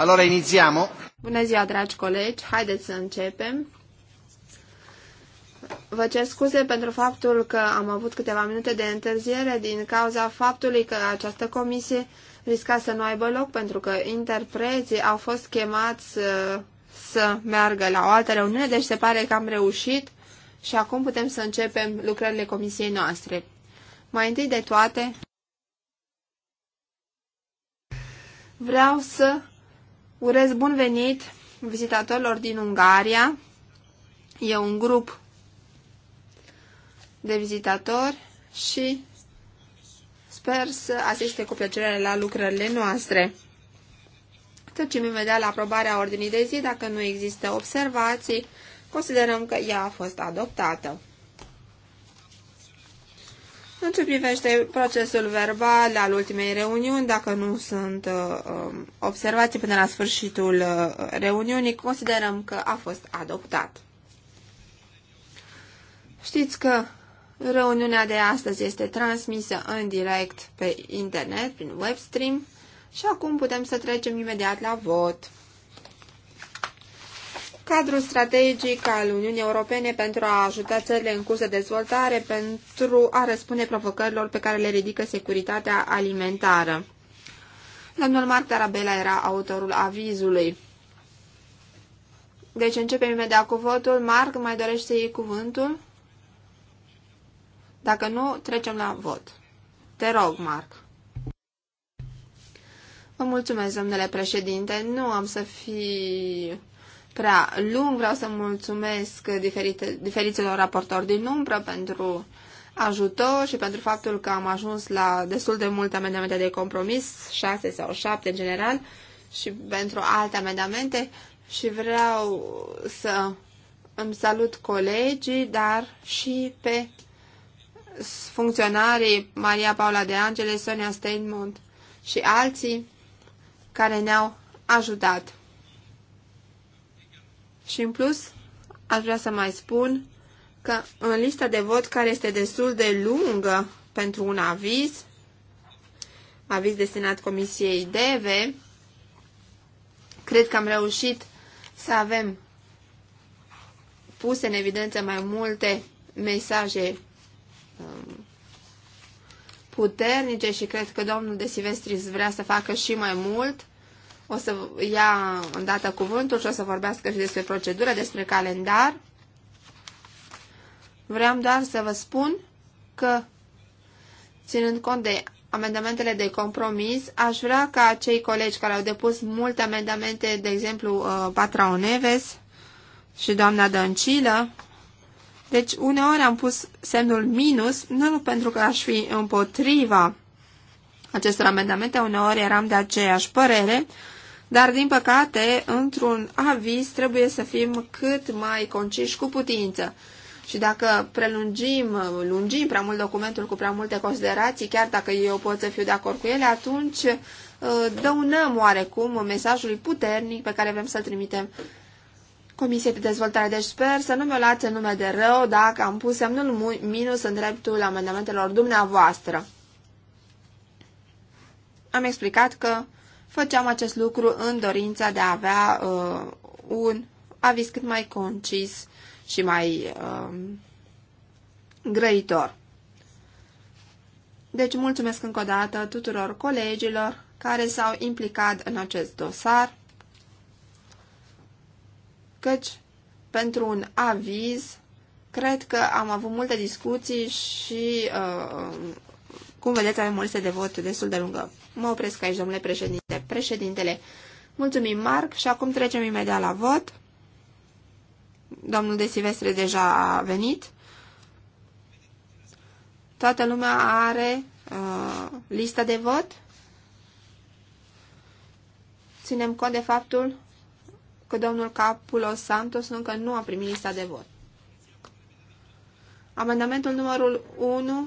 Allora iniziamo. Bună ziua, dragi colegi. Haideți să începem. Vă cer scuze pentru faptul că am avut câteva minute de întârziere din cauza faptului că această comisie risca să nu aibă loc pentru că interpreții au fost chemați să, uh, să meargă la o altă reuniune, deci se pare că am reușit și acum putem să începem lucrările comisiei noastre. Mai întâi de toate, vreau să Urez bun venit vizitatorilor din Ungaria. E un grup de vizitatori și sper să asiste cu plăcere la lucrările noastre. Trecem imediat la aprobarea ordinii de zi. Dacă nu există observații, considerăm că ea a fost adoptată. În ce privește procesul verbal al ultimei reuniuni, dacă nu sunt uh, um, observații până la sfârșitul uh, reuniunii, considerăm că a fost adoptat. Știți că reuniunea de astăzi este transmisă în direct pe internet, prin webstream, și acum putem să trecem imediat la vot cadrul strategic al Uniunii Europene pentru a ajuta țările în curs de dezvoltare pentru a răspunde provocărilor pe care le ridică securitatea alimentară. Domnul Marc Tarabella era autorul avizului. Deci începem imediat cu votul. Marc, mai dorește să iei cuvântul? Dacă nu, trecem la vot. Te rog, Marc. Vă mulțumesc, domnule președinte. Nu am să fi prea lung. Vreau să mulțumesc diferite, diferiților raportori din umbră pentru ajutor și pentru faptul că am ajuns la destul de multe amendamente de compromis, 6 sau 7 în general, și pentru alte amendamente și vreau să îmi salut colegii, dar și pe funcționarii Maria Paula de Angele, Sonia Steinmund și alții care ne-au ajutat. Și în plus, aș vrea să mai spun că în lista de vot care este destul de lungă pentru un aviz, aviz destinat Comisiei DEVE, cred că am reușit să avem puse în evidență mai multe mesaje um, puternice și cred că domnul de Silvestris vrea să facă și mai mult o să ia îndată cuvântul și o să vorbească și despre procedură, despre calendar. Vreau doar să vă spun că, ținând cont de amendamentele de compromis, aș vrea ca cei colegi care au depus multe amendamente, de exemplu uh, Patra Oneves și doamna Dăncilă, deci uneori am pus semnul minus, nu pentru că aș fi împotriva acestor amendamente, uneori eram de aceeași părere, dar din păcate, într-un aviz trebuie să fim cât mai conciși cu putință. Și dacă prelungim, lungim prea mult documentul cu prea multe considerații, chiar dacă eu pot să fiu de acord cu ele, atunci uh, dăunăm oarecum mesajului puternic pe care vrem să-l trimitem Comisiei de Dezvoltare. Deci sper să nu mi-o luați în nume de rău dacă am pus semnul minus în dreptul amendamentelor dumneavoastră. Am explicat că făceam acest lucru în dorința de a avea uh, un aviz cât mai concis și mai uh, grăitor. Deci mulțumesc încă o dată tuturor colegilor care s-au implicat în acest dosar, căci pentru un aviz cred că am avut multe discuții și uh, cum vedeți, avem o listă de vot destul de lungă. Mă opresc aici, domnule președinte. Președintele, mulțumim, Marc, și acum trecem imediat la vot. Domnul de Silvestre deja a venit. Toată lumea are uh, lista de vot. Ținem cont de faptul că domnul Capulo Santos încă nu a primit lista de vot. Amendamentul numărul 1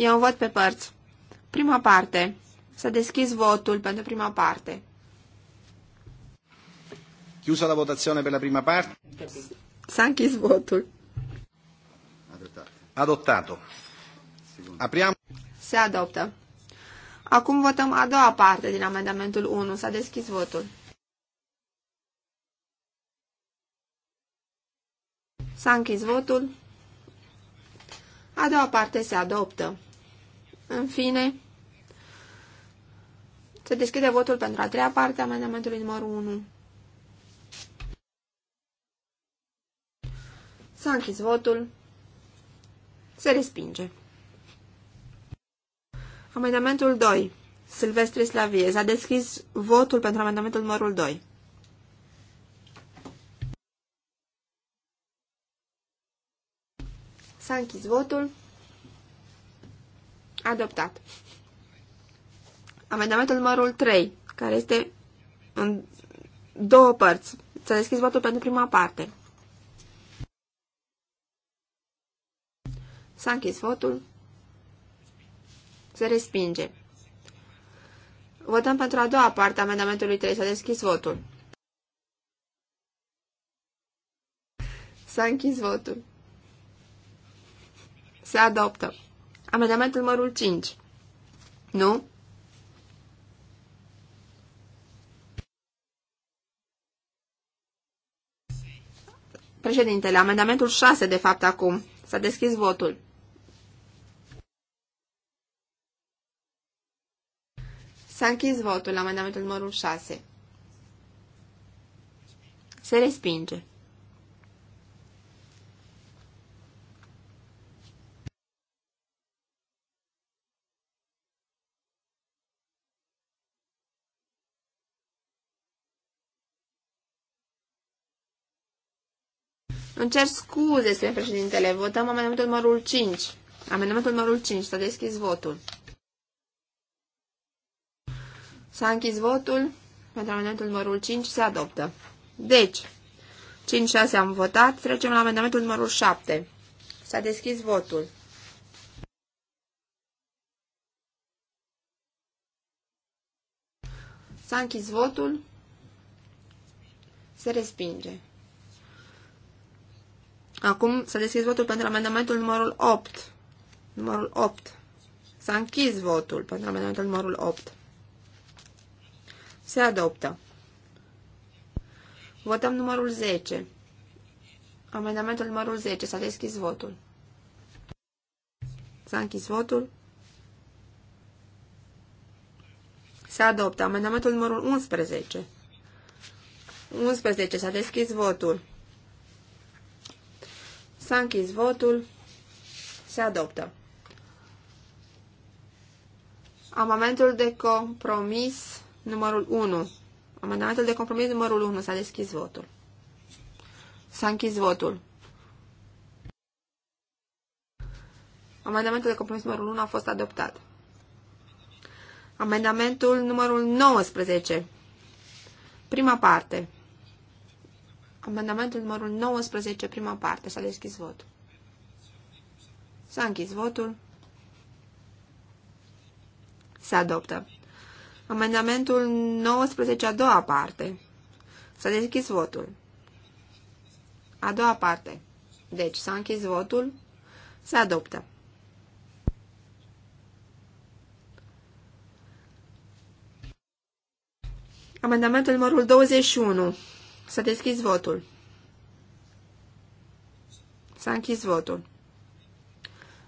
Eu vot pe părți. Prima parte. Să deschizi votul pentru prima parte. Chiusa la votazione per la prima parte. S-a închis votul. Adoptat. Apriamo. Se adoptă. Acum votăm a doua parte din amendamentul 1. S-a deschis votul. S-a închis votul. A doua parte se adoptă. În fine, se deschide votul pentru a treia parte a amendamentului numărul 1. S-a închis votul. Se respinge. Amendamentul 2. Silvestri Slavie. S-a deschis votul pentru amendamentul numărul 2. S-a închis votul. Adoptat. Amendamentul numărul 3, care este în două părți. S-a deschis votul pentru prima parte. S-a închis votul. Se respinge. Votăm pentru a doua parte a amendamentului 3. S-a deschis votul. S-a închis votul. Se adoptă. Amendamentul numărul 5. Nu? Președintele, amendamentul 6, de fapt, acum. S-a deschis votul. S-a închis votul la amendamentul numărul 6. Se respinge. Îmi cer scuze, spune președintele. Votăm amendamentul numărul 5. Amendamentul numărul 5. S-a deschis votul. S-a închis votul. Pentru amendamentul numărul 5 se adoptă. Deci, 5-6 am votat. Trecem la amendamentul numărul 7. S-a deschis votul. S-a închis votul. Se respinge. Acum să deschid votul pentru amendamentul numărul 8. Numărul 8. S-a închis votul pentru amendamentul numărul 8. Se adoptă. Votăm numărul 10. Amendamentul numărul 10. S-a deschis votul. S-a închis votul. Se adoptă. Amendamentul numărul 11. 11. S-a deschis votul. S-a închis votul. Se adoptă. Amendamentul de compromis numărul 1. Amendamentul de compromis numărul 1. S-a deschis votul. S-a închis votul. Amendamentul de compromis numărul 1 a fost adoptat. Amendamentul numărul 19. Prima parte. Amendamentul numărul 19, prima parte. S-a deschis votul. S-a închis votul. Se adoptă. Amendamentul 19, a doua parte. S-a deschis votul. A doua parte. Deci, s-a închis votul. Se adoptă. Amendamentul numărul 21. Să deschizi votul. S-a închis votul.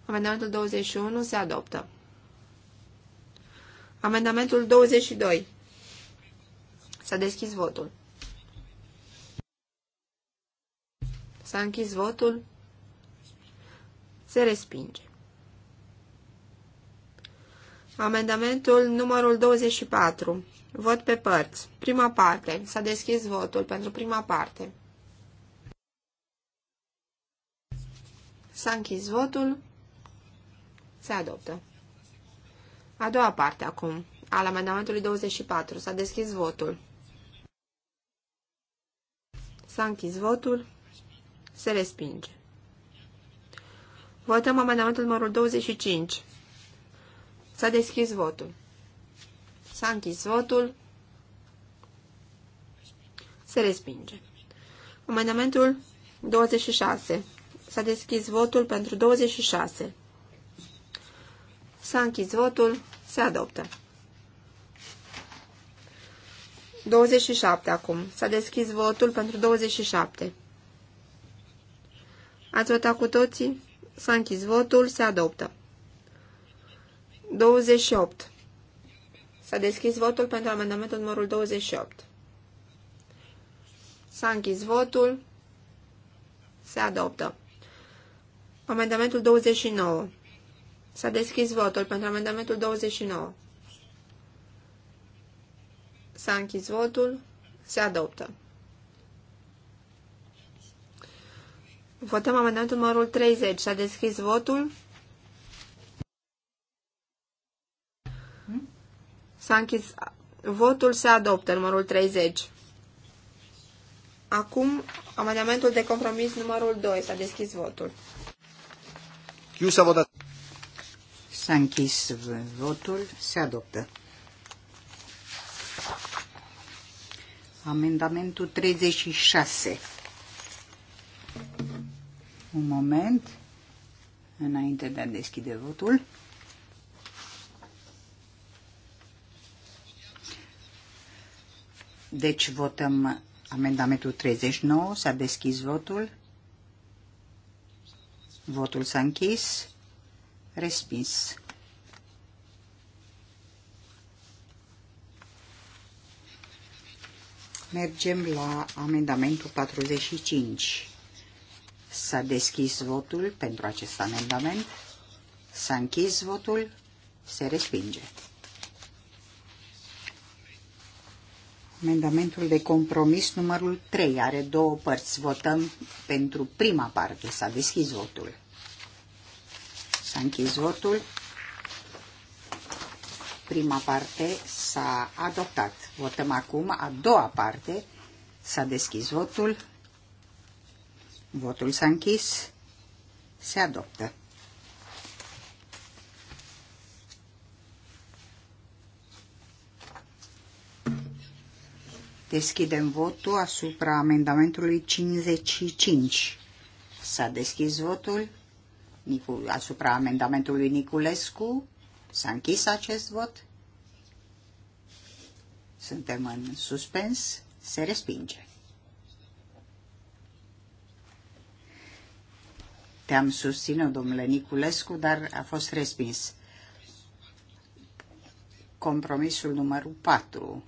Amendamentul 21 se adoptă. Amendamentul 22. S-a deschis votul. S-a închis votul. Se respinge. Amendamentul numărul 24. Vot pe părți. Prima parte. S-a deschis votul pentru prima parte. S-a închis votul. Se adoptă. A doua parte acum, al amendamentului 24. S-a deschis votul. S-a închis votul. Se respinge. Votăm amendamentul numărul 25. S-a deschis votul. S-a închis votul. Se respinge. Amendamentul 26. S-a deschis votul pentru 26. S-a închis votul. Se adoptă. 27 acum. S-a deschis votul pentru 27. Ați votat cu toții? S-a închis votul. Se adoptă. 28. S-a deschis votul pentru amendamentul numărul 28. S-a închis votul. Se adoptă. Amendamentul 29. S-a deschis votul pentru amendamentul 29. S-a închis votul. Se adoptă. Votăm amendamentul numărul 30. S-a deschis votul. S-a închis votul, se adoptă numărul 30. Acum, amendamentul de compromis numărul 2. S-a deschis votul. Chiusa votat. S-a închis votul, se adoptă. Amendamentul 36. Un moment, înainte de a deschide votul. Deci votăm amendamentul 39. S-a deschis votul. Votul s-a închis. Respins. Mergem la amendamentul 45. S-a deschis votul pentru acest amendament. S-a închis votul. Se respinge. amendamentul de compromis numărul 3. Are două părți. Votăm pentru prima parte. S-a deschis votul. S-a închis votul. Prima parte s-a adoptat. Votăm acum a doua parte. S-a deschis votul. Votul s-a închis. Se adoptă. Deschidem votul asupra amendamentului 55. S-a deschis votul asupra amendamentului Niculescu. S-a închis acest vot. Suntem în suspens. Se respinge. Te-am susținut, domnule Niculescu, dar a fost respins. Compromisul numărul 4.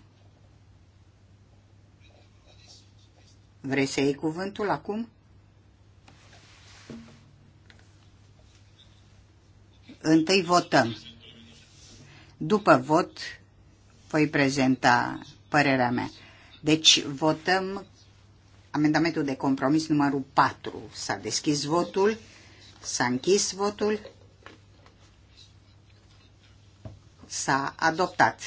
Vrei să iei cuvântul acum? Întâi votăm. După vot voi prezenta părerea mea. Deci votăm amendamentul de compromis numărul 4. S-a deschis votul, s-a închis votul, s-a adoptat.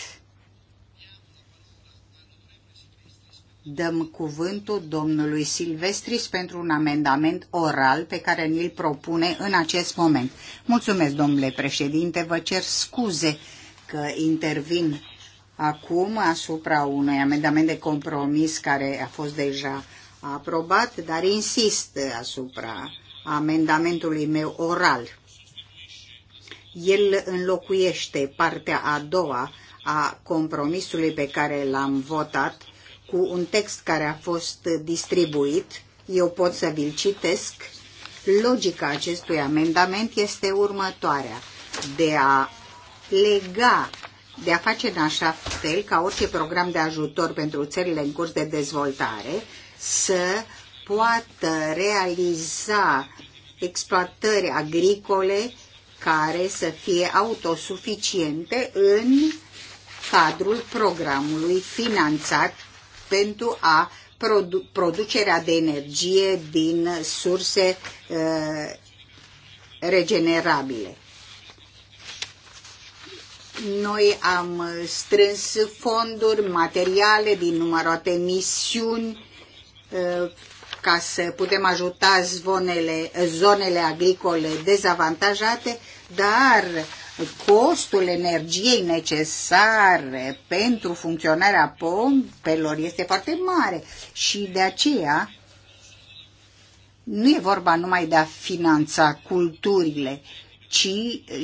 dăm cuvântul domnului Silvestris pentru un amendament oral pe care ni-l propune în acest moment. Mulțumesc, domnule președinte, vă cer scuze că intervin acum asupra unui amendament de compromis care a fost deja aprobat, dar insist asupra amendamentului meu oral. El înlocuiește partea a doua a compromisului pe care l-am votat cu un text care a fost distribuit. Eu pot să vi-l citesc. Logica acestui amendament este următoarea. De a lega de a face în așa fel ca orice program de ajutor pentru țările în curs de dezvoltare să poată realiza exploatări agricole care să fie autosuficiente în cadrul programului finanțat pentru a produ- producerea de energie din surse uh, regenerabile. Noi am strâns fonduri, materiale din numeroate misiuni uh, ca să putem ajuta zvonele, zonele agricole dezavantajate, dar costul energiei necesare pentru funcționarea pompelor este foarte mare și de aceea nu e vorba numai de a finanța culturile, ci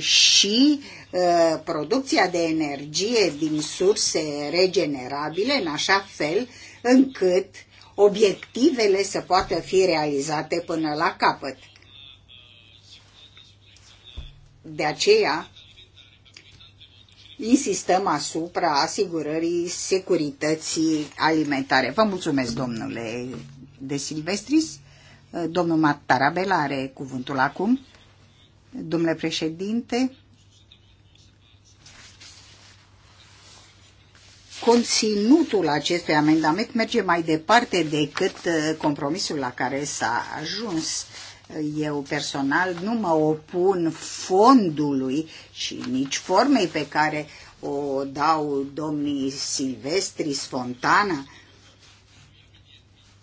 și uh, producția de energie din surse regenerabile, în așa fel încât obiectivele să poată fi realizate până la capăt. De aceea, insistăm asupra asigurării securității alimentare. Vă mulțumesc, domnule de Silvestris. Domnul Mattarabel are cuvântul acum. Domnule președinte, conținutul acestui amendament merge mai departe decât uh, compromisul la care s-a ajuns. Eu personal nu mă opun fondului și nici formei pe care o dau domnii Silvestri, Fontana,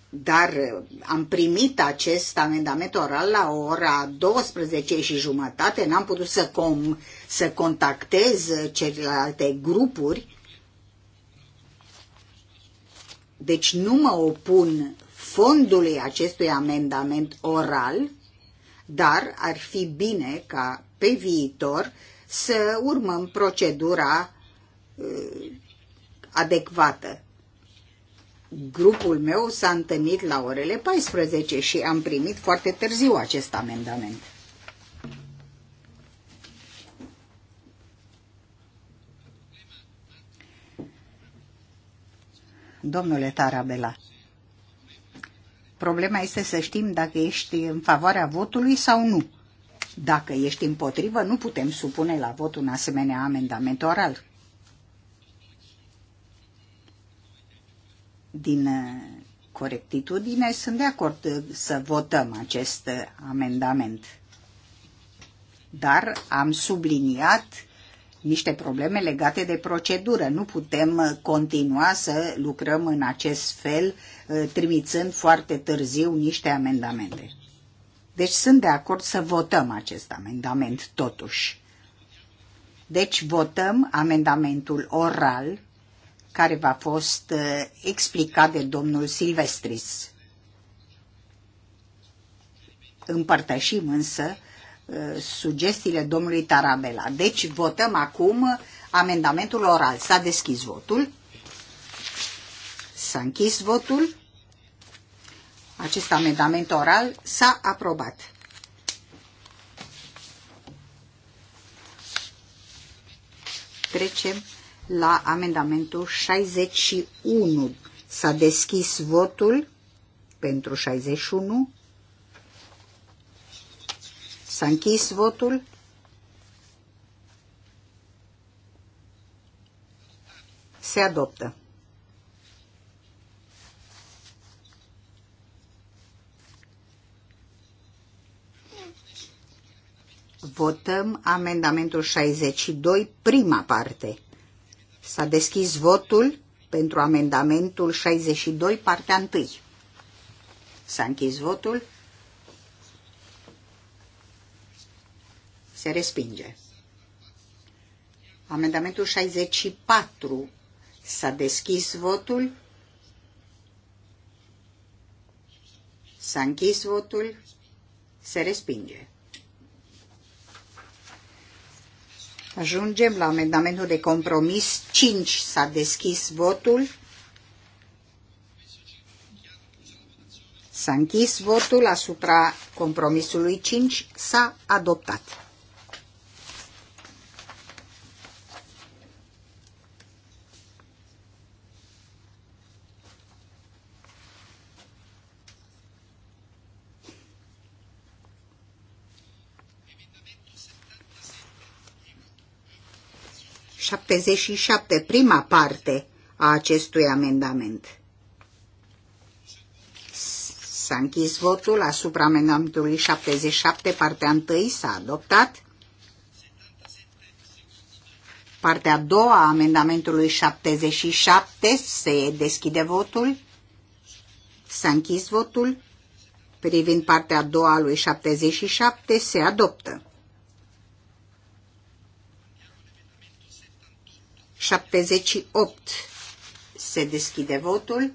dar am primit acest amendament oral la ora 12 și jumătate, n-am putut să, com, să contactez celelalte grupuri, deci nu mă opun fondului acestui amendament oral, dar ar fi bine ca pe viitor să urmăm procedura uh, adecvată. Grupul meu s-a întâlnit la orele 14 și am primit foarte târziu acest amendament. Domnule Tarabela, Problema este să știm dacă ești în favoarea votului sau nu. Dacă ești împotrivă, nu putem supune la vot un asemenea amendament oral. Din uh, corectitudine sunt de acord uh, să votăm acest uh, amendament. Dar am subliniat niște probleme legate de procedură. Nu putem continua să lucrăm în acest fel Uh, trimițând foarte târziu niște amendamente. Deci sunt de acord să votăm acest amendament totuși. Deci votăm amendamentul oral care va fost uh, explicat de domnul Silvestris. Împărtășim însă uh, sugestiile domnului Tarabela. Deci votăm acum amendamentul oral. S-a deschis votul. S-a închis votul. Acest amendament oral s-a aprobat. Trecem la amendamentul 61. S-a deschis votul pentru 61. S-a închis votul. Se adoptă. Votăm amendamentul 62, prima parte. S-a deschis votul pentru amendamentul 62, partea 1. S-a închis votul. Se respinge. Amendamentul 64. S-a deschis votul. S-a închis votul. Se respinge. Ajungem la amendamentul de compromis 5. S-a deschis votul. S-a închis votul asupra compromisului 5. S-a adoptat. 77, prima parte a acestui amendament. S-a închis votul asupra amendamentului 77, partea 1 s-a adoptat. Partea a doua a amendamentului 77 se deschide votul. S-a închis votul. Privind partea a doua a lui 77 se adoptă. 78. Se deschide votul.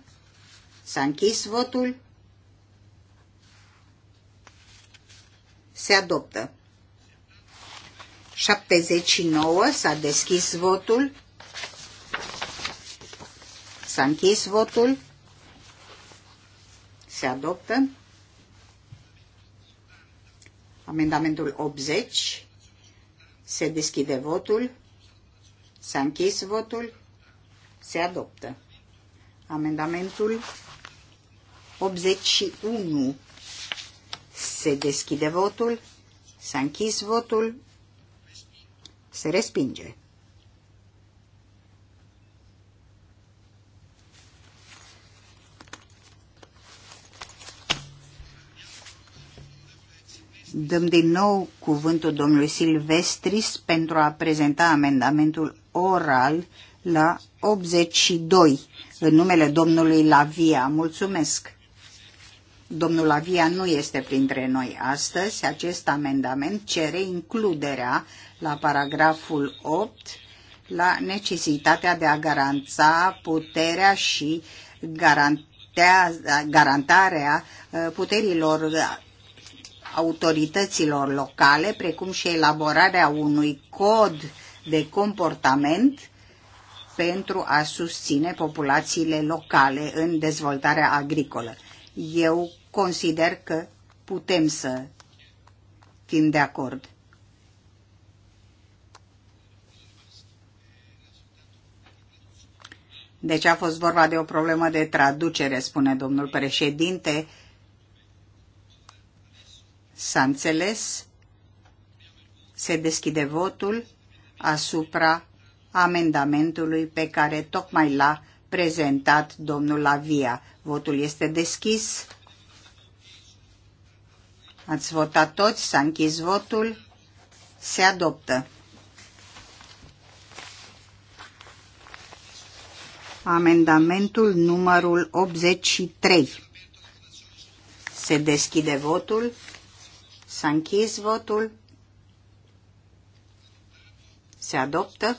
S-a închis votul. Se adoptă. 79. S-a deschis votul. S-a închis votul. Se adoptă. Amendamentul 80. Se deschide votul. S-a închis votul. Se adoptă. Amendamentul 81. Se deschide votul. S-a închis votul. Se respinge. Dăm din nou cuvântul domnului Silvestris pentru a prezenta amendamentul oral la 82 în numele domnului Lavia. Mulțumesc! Domnul Lavia nu este printre noi astăzi. Acest amendament cere includerea la paragraful 8 la necesitatea de a garanta puterea și garantarea uh, puterilor autorităților locale, precum și elaborarea unui cod de comportament pentru a susține populațiile locale în dezvoltarea agricolă. Eu consider că putem să fim de acord. Deci a fost vorba de o problemă de traducere, spune domnul președinte. S-a înțeles? Se deschide votul asupra amendamentului pe care tocmai l-a prezentat domnul Avia. Votul este deschis. Ați votat toți, s-a închis votul, se adoptă. Amendamentul numărul 83. Se deschide votul, s-a închis votul, se adoptă.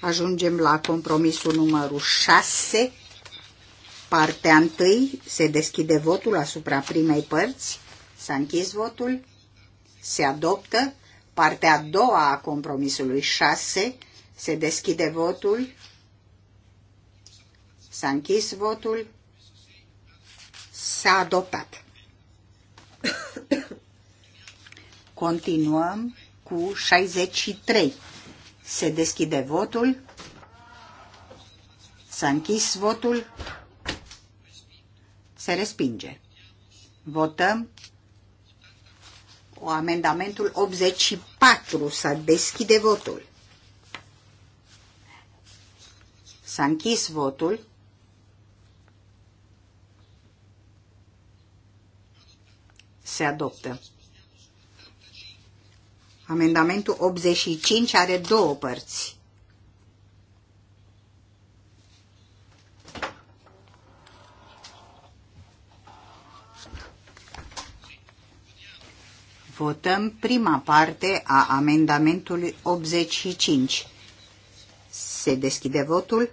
Ajungem la compromisul numărul 6. Partea 1 se deschide votul asupra primei părți. S-a închis votul. Se adoptă. Partea a doua a compromisului 6 se deschide votul. S-a închis votul. S-a adoptat. Continuăm cu 63. Se deschide votul. S-a închis votul. Se respinge. Votăm o amendamentul 84. S-a deschide votul. S-a închis votul. Se adoptă. Amendamentul 85 are două părți. Votăm prima parte a amendamentului 85. Se deschide votul.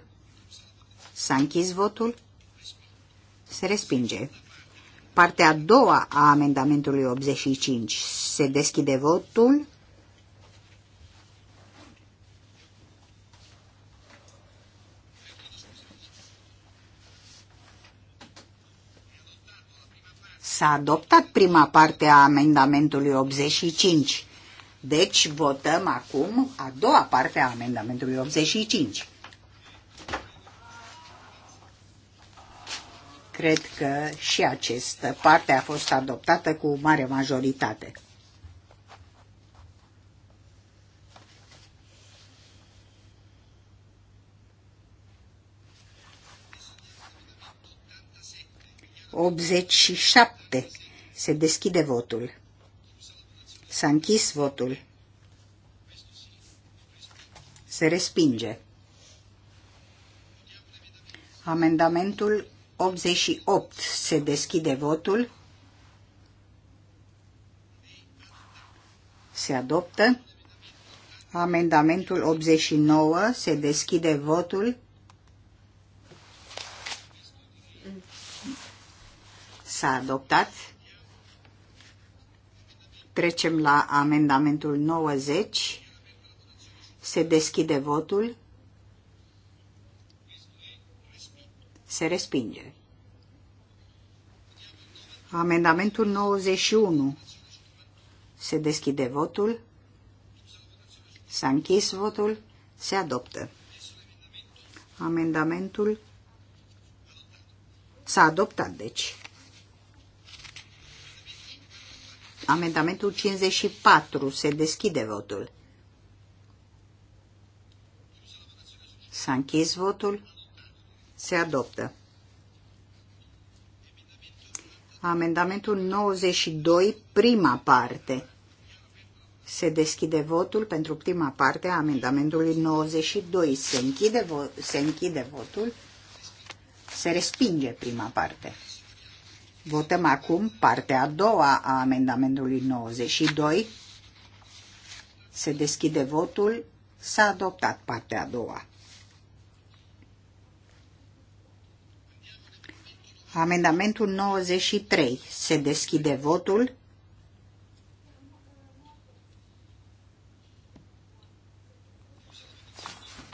S-a închis votul. Se respinge. Partea a doua a amendamentului 85. Se deschide votul. S-a adoptat prima parte a amendamentului 85. Deci votăm acum a doua parte a amendamentului 85. Cred că și această parte a fost adoptată cu mare majoritate. Obzeci și șapte 7. Se deschide votul. S-a închis votul. Se respinge. Amendamentul 88. Se deschide votul. Se adoptă. Amendamentul 89. Se deschide votul. S-a adoptat. Trecem la amendamentul 90. Se deschide votul. Se respinge. Amendamentul 91. Se deschide votul. S-a închis votul. Se adoptă. Amendamentul s-a adoptat, deci. Amendamentul 54. Se deschide votul. S-a închis votul. Se adoptă. Amendamentul 92, prima parte. Se deschide votul pentru prima parte a amendamentului 92. Se închide, vo- se închide votul. Se respinge prima parte. Votăm acum partea a doua a amendamentului 92. Se deschide votul. S-a adoptat partea a doua. Amendamentul 93. Se deschide votul.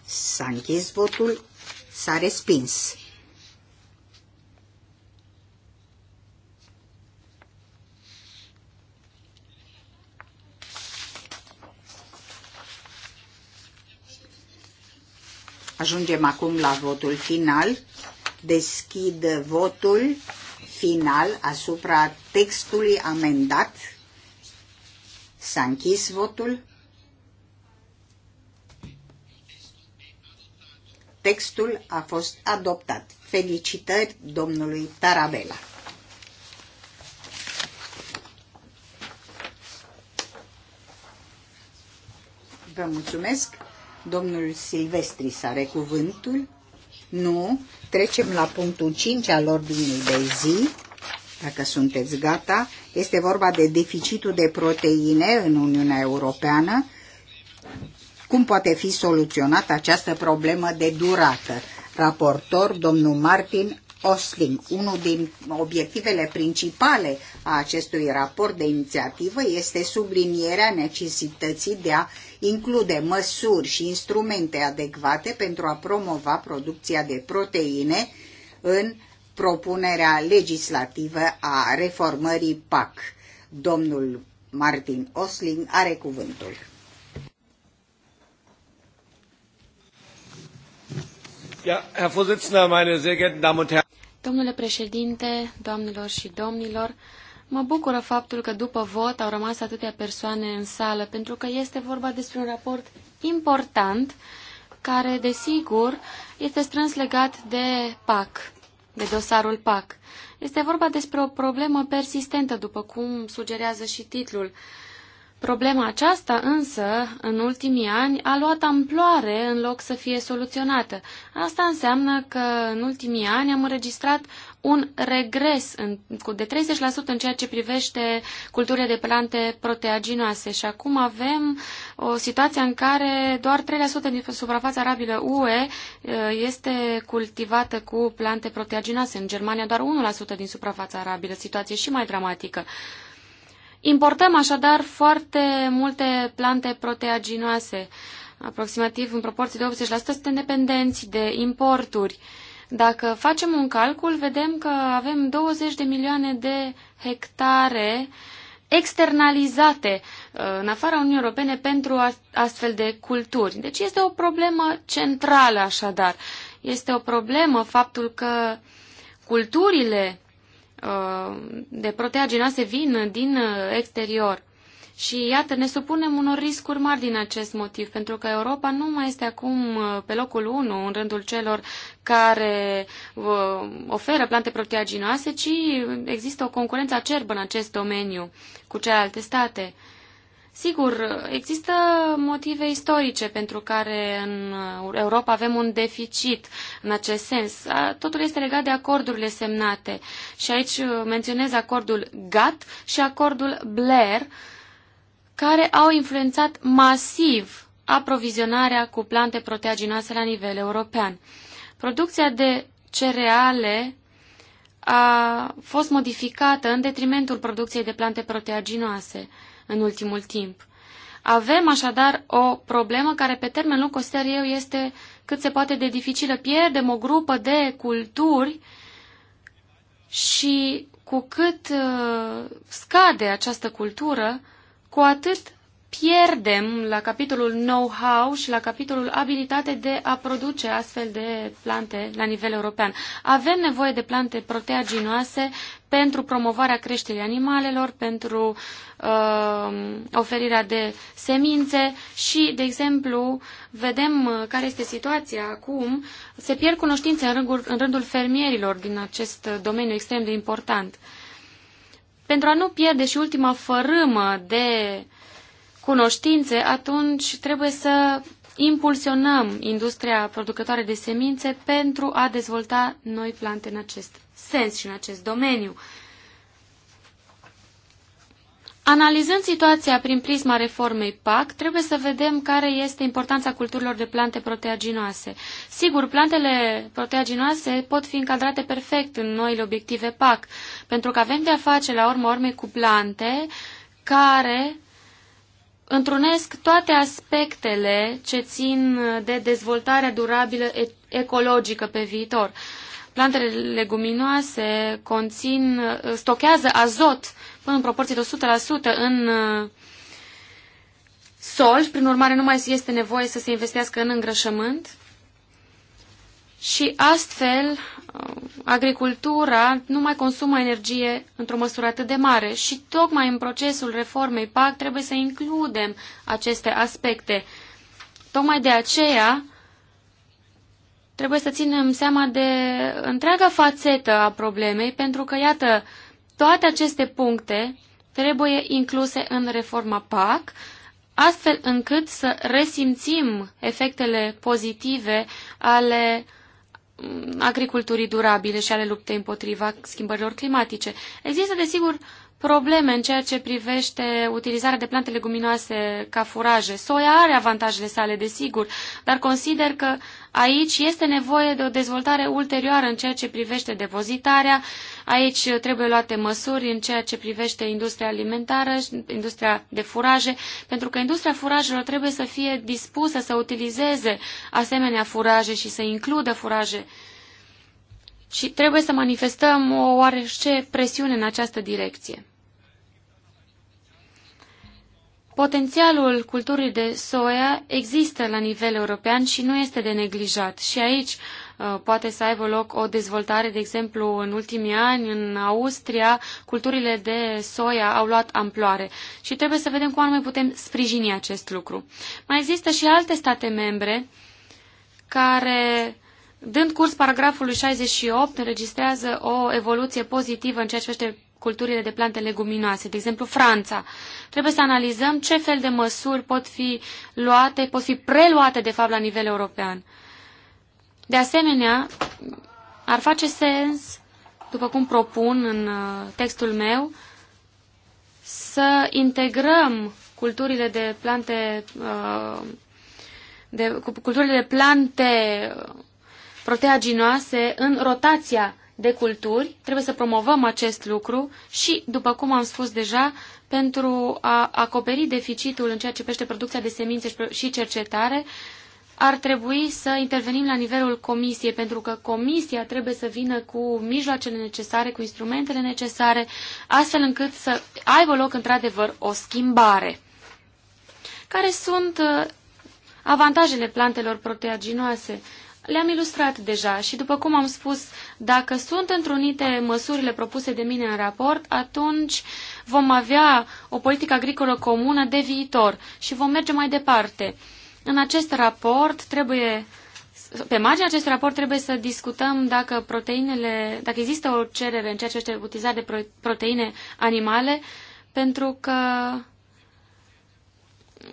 S-a închis votul. S-a respins. Ajungem acum la votul final. Deschid votul final asupra textului amendat. S-a închis votul. Textul a fost adoptat. Felicitări domnului Tarabela. Vă mulțumesc. Domnul Silvestri să are cuvântul? Nu. Trecem la punctul 5 al ordinii de zi. Dacă sunteți gata, este vorba de deficitul de proteine în Uniunea Europeană. Cum poate fi soluționată această problemă de durată? Raportor, domnul Martin Osling. Unul din obiectivele principale a acestui raport de inițiativă este sublinierea necesității de a include măsuri și instrumente adecvate pentru a promova producția de proteine în propunerea legislativă a reformării PAC. Domnul Martin Osling are cuvântul. Domnule președinte, doamnelor și domnilor, mă bucură faptul că după vot au rămas atâtea persoane în sală, pentru că este vorba despre un raport important care, desigur, este strâns legat de PAC, de dosarul PAC. Este vorba despre o problemă persistentă, după cum sugerează și titlul. Problema aceasta însă, în ultimii ani, a luat amploare în loc să fie soluționată. Asta înseamnă că în ultimii ani am înregistrat un regres în, de 30% în ceea ce privește culturile de plante proteaginoase și acum avem o situație în care doar 3% din suprafața arabilă UE eh, este cultivată cu plante proteaginoase. În Germania doar 1% din suprafața arabilă, situație și mai dramatică. Importăm așadar foarte multe plante proteaginoase, aproximativ în proporție de 80% suntem dependenți de importuri. Dacă facem un calcul, vedem că avem 20 de milioane de hectare externalizate uh, în afara Uniunii Europene pentru astfel de culturi. Deci este o problemă centrală așadar. Este o problemă faptul că culturile Uh, de proteaginoase vin din uh, exterior. Și iată, ne supunem unor riscuri mari din acest motiv, pentru că Europa nu mai este acum uh, pe locul 1 în rândul celor care oferă plante proteaginoase, ci există o concurență acerbă în acest domeniu cu celelalte state. Sigur, există motive istorice pentru care în Europa avem un deficit în acest sens. Totul este legat de acordurile semnate și aici uh, menționez acordul GATT și acordul Blair, care au influențat masiv aprovizionarea cu plante proteaginoase la nivel european. Producția de cereale a fost modificată în detrimentul producției de plante proteaginoase în ultimul timp. Avem așadar o problemă care pe termen lung, consider eu, este cât se poate de dificilă. Pierdem o grupă de culturi și cu cât uh, scade această cultură, cu atât pierdem la capitolul know-how și la capitolul abilitate de a produce astfel de plante la nivel european. Avem nevoie de plante proteaginoase pentru promovarea creșterii animalelor, pentru uh, oferirea de semințe și, de exemplu, vedem uh, care este situația acum. Se pierd cunoștințe în rândul, în rândul fermierilor din acest uh, domeniu extrem de important. Pentru a nu pierde și ultima fărâmă de uh, cunoștințe, atunci trebuie să impulsionăm industria producătoare de semințe pentru a dezvolta noi plante în acest sens și în acest domeniu. Analizând situația prin prisma reformei PAC, trebuie să vedem care este importanța culturilor de plante proteaginoase. Sigur, plantele proteaginoase pot fi încadrate perfect în noile obiective PAC, pentru că avem de-a face la urmă urmei cu plante care întrunesc toate aspectele ce țin de dezvoltarea durabilă ecologică pe viitor. Plantele leguminoase conțin, stochează azot până în proporție de 100% în uh, sol, prin urmare nu mai este nevoie să se investească în îngrășământ. Și astfel agricultura nu mai consumă energie într-o măsură atât de mare și tocmai în procesul reformei PAC trebuie să includem aceste aspecte. Tocmai de aceea trebuie să ținem seama de întreaga fațetă a problemei, pentru că, iată, toate aceste puncte trebuie incluse în reforma PAC, astfel încât să resimțim efectele pozitive ale uh, agriculturii durabile și ale luptei împotriva schimbărilor climatice. Există, desigur, probleme în ceea ce privește utilizarea de plante leguminoase ca furaje. Soia are avantajele sale, desigur, dar consider că aici este nevoie de o dezvoltare ulterioară în ceea ce privește depozitarea, aici trebuie luate măsuri în ceea ce privește industria alimentară, industria de furaje, pentru că industria furajelor trebuie să fie dispusă să utilizeze asemenea furaje și să includă furaje și trebuie să manifestăm o oarește presiune în această direcție. Potențialul culturii de soia există la nivel european și nu este de neglijat. Și aici uh, poate să aibă loc o dezvoltare, de exemplu, în ultimii ani, în Austria, culturile de soia au luat amploare și trebuie să vedem cum anume putem sprijini acest lucru. Mai există și alte state membre care Dând curs paragrafului 68, înregistrează o evoluție pozitivă în ceea ce privește culturile de plante leguminoase, de exemplu Franța. Trebuie să analizăm ce fel de măsuri pot fi luate, pot fi preluate, de fapt, la nivel european. De asemenea, ar face sens, după cum propun în uh, textul meu, să integrăm culturile de plante uh, de, cu culturile de plante uh, proteaginoase în rotația de culturi. Trebuie să promovăm acest lucru și, după cum am spus deja, pentru a acoperi deficitul în ceea ce privește producția de semințe și cercetare, ar trebui să intervenim la nivelul comisiei, pentru că comisia trebuie să vină cu mijloacele necesare, cu instrumentele necesare, astfel încât să aibă loc într-adevăr o schimbare. Care sunt uh, avantajele plantelor proteaginoase? le-am ilustrat deja și, după cum am spus, dacă sunt întrunite măsurile propuse de mine în raport, atunci vom avea o politică agricolă comună de viitor și vom merge mai departe. În acest raport trebuie pe marginea acestui raport trebuie să discutăm dacă proteinele, dacă există o cerere în ceea ce este utilizarea de proteine animale, pentru că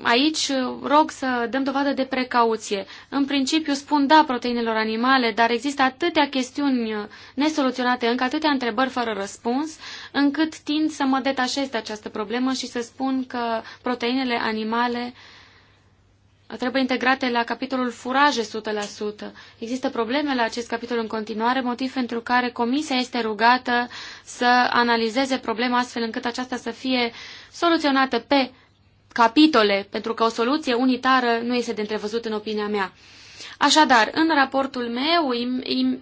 aici uh, rog să dăm dovadă de precauție. În principiu spun da proteinelor animale, dar există atâtea chestiuni uh, nesoluționate, încă atâtea întrebări fără răspuns, încât tind să mă detașez de această problemă și să spun că proteinele animale trebuie integrate la capitolul furaje 100%. Există probleme la acest capitol în continuare, motiv pentru care comisia este rugată să analizeze problema astfel încât aceasta să fie soluționată pe capitole, pentru că o soluție unitară nu este de întrevăzut în opinia mea. Așadar, în raportul meu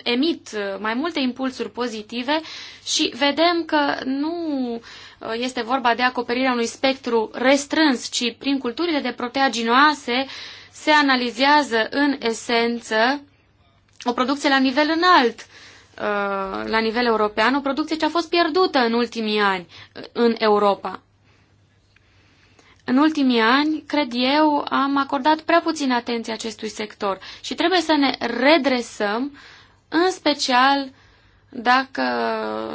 emit uh, mai multe impulsuri pozitive și vedem că nu uh, este vorba de acoperirea unui spectru restrâns, ci prin culturile de proteaginoase se analizează în esență o producție la nivel înalt, uh, la nivel european, o producție ce a fost pierdută în ultimii ani în Europa. În ultimii ani, cred eu, am acordat prea puțin atenție acestui sector și trebuie să ne redresăm, în special dacă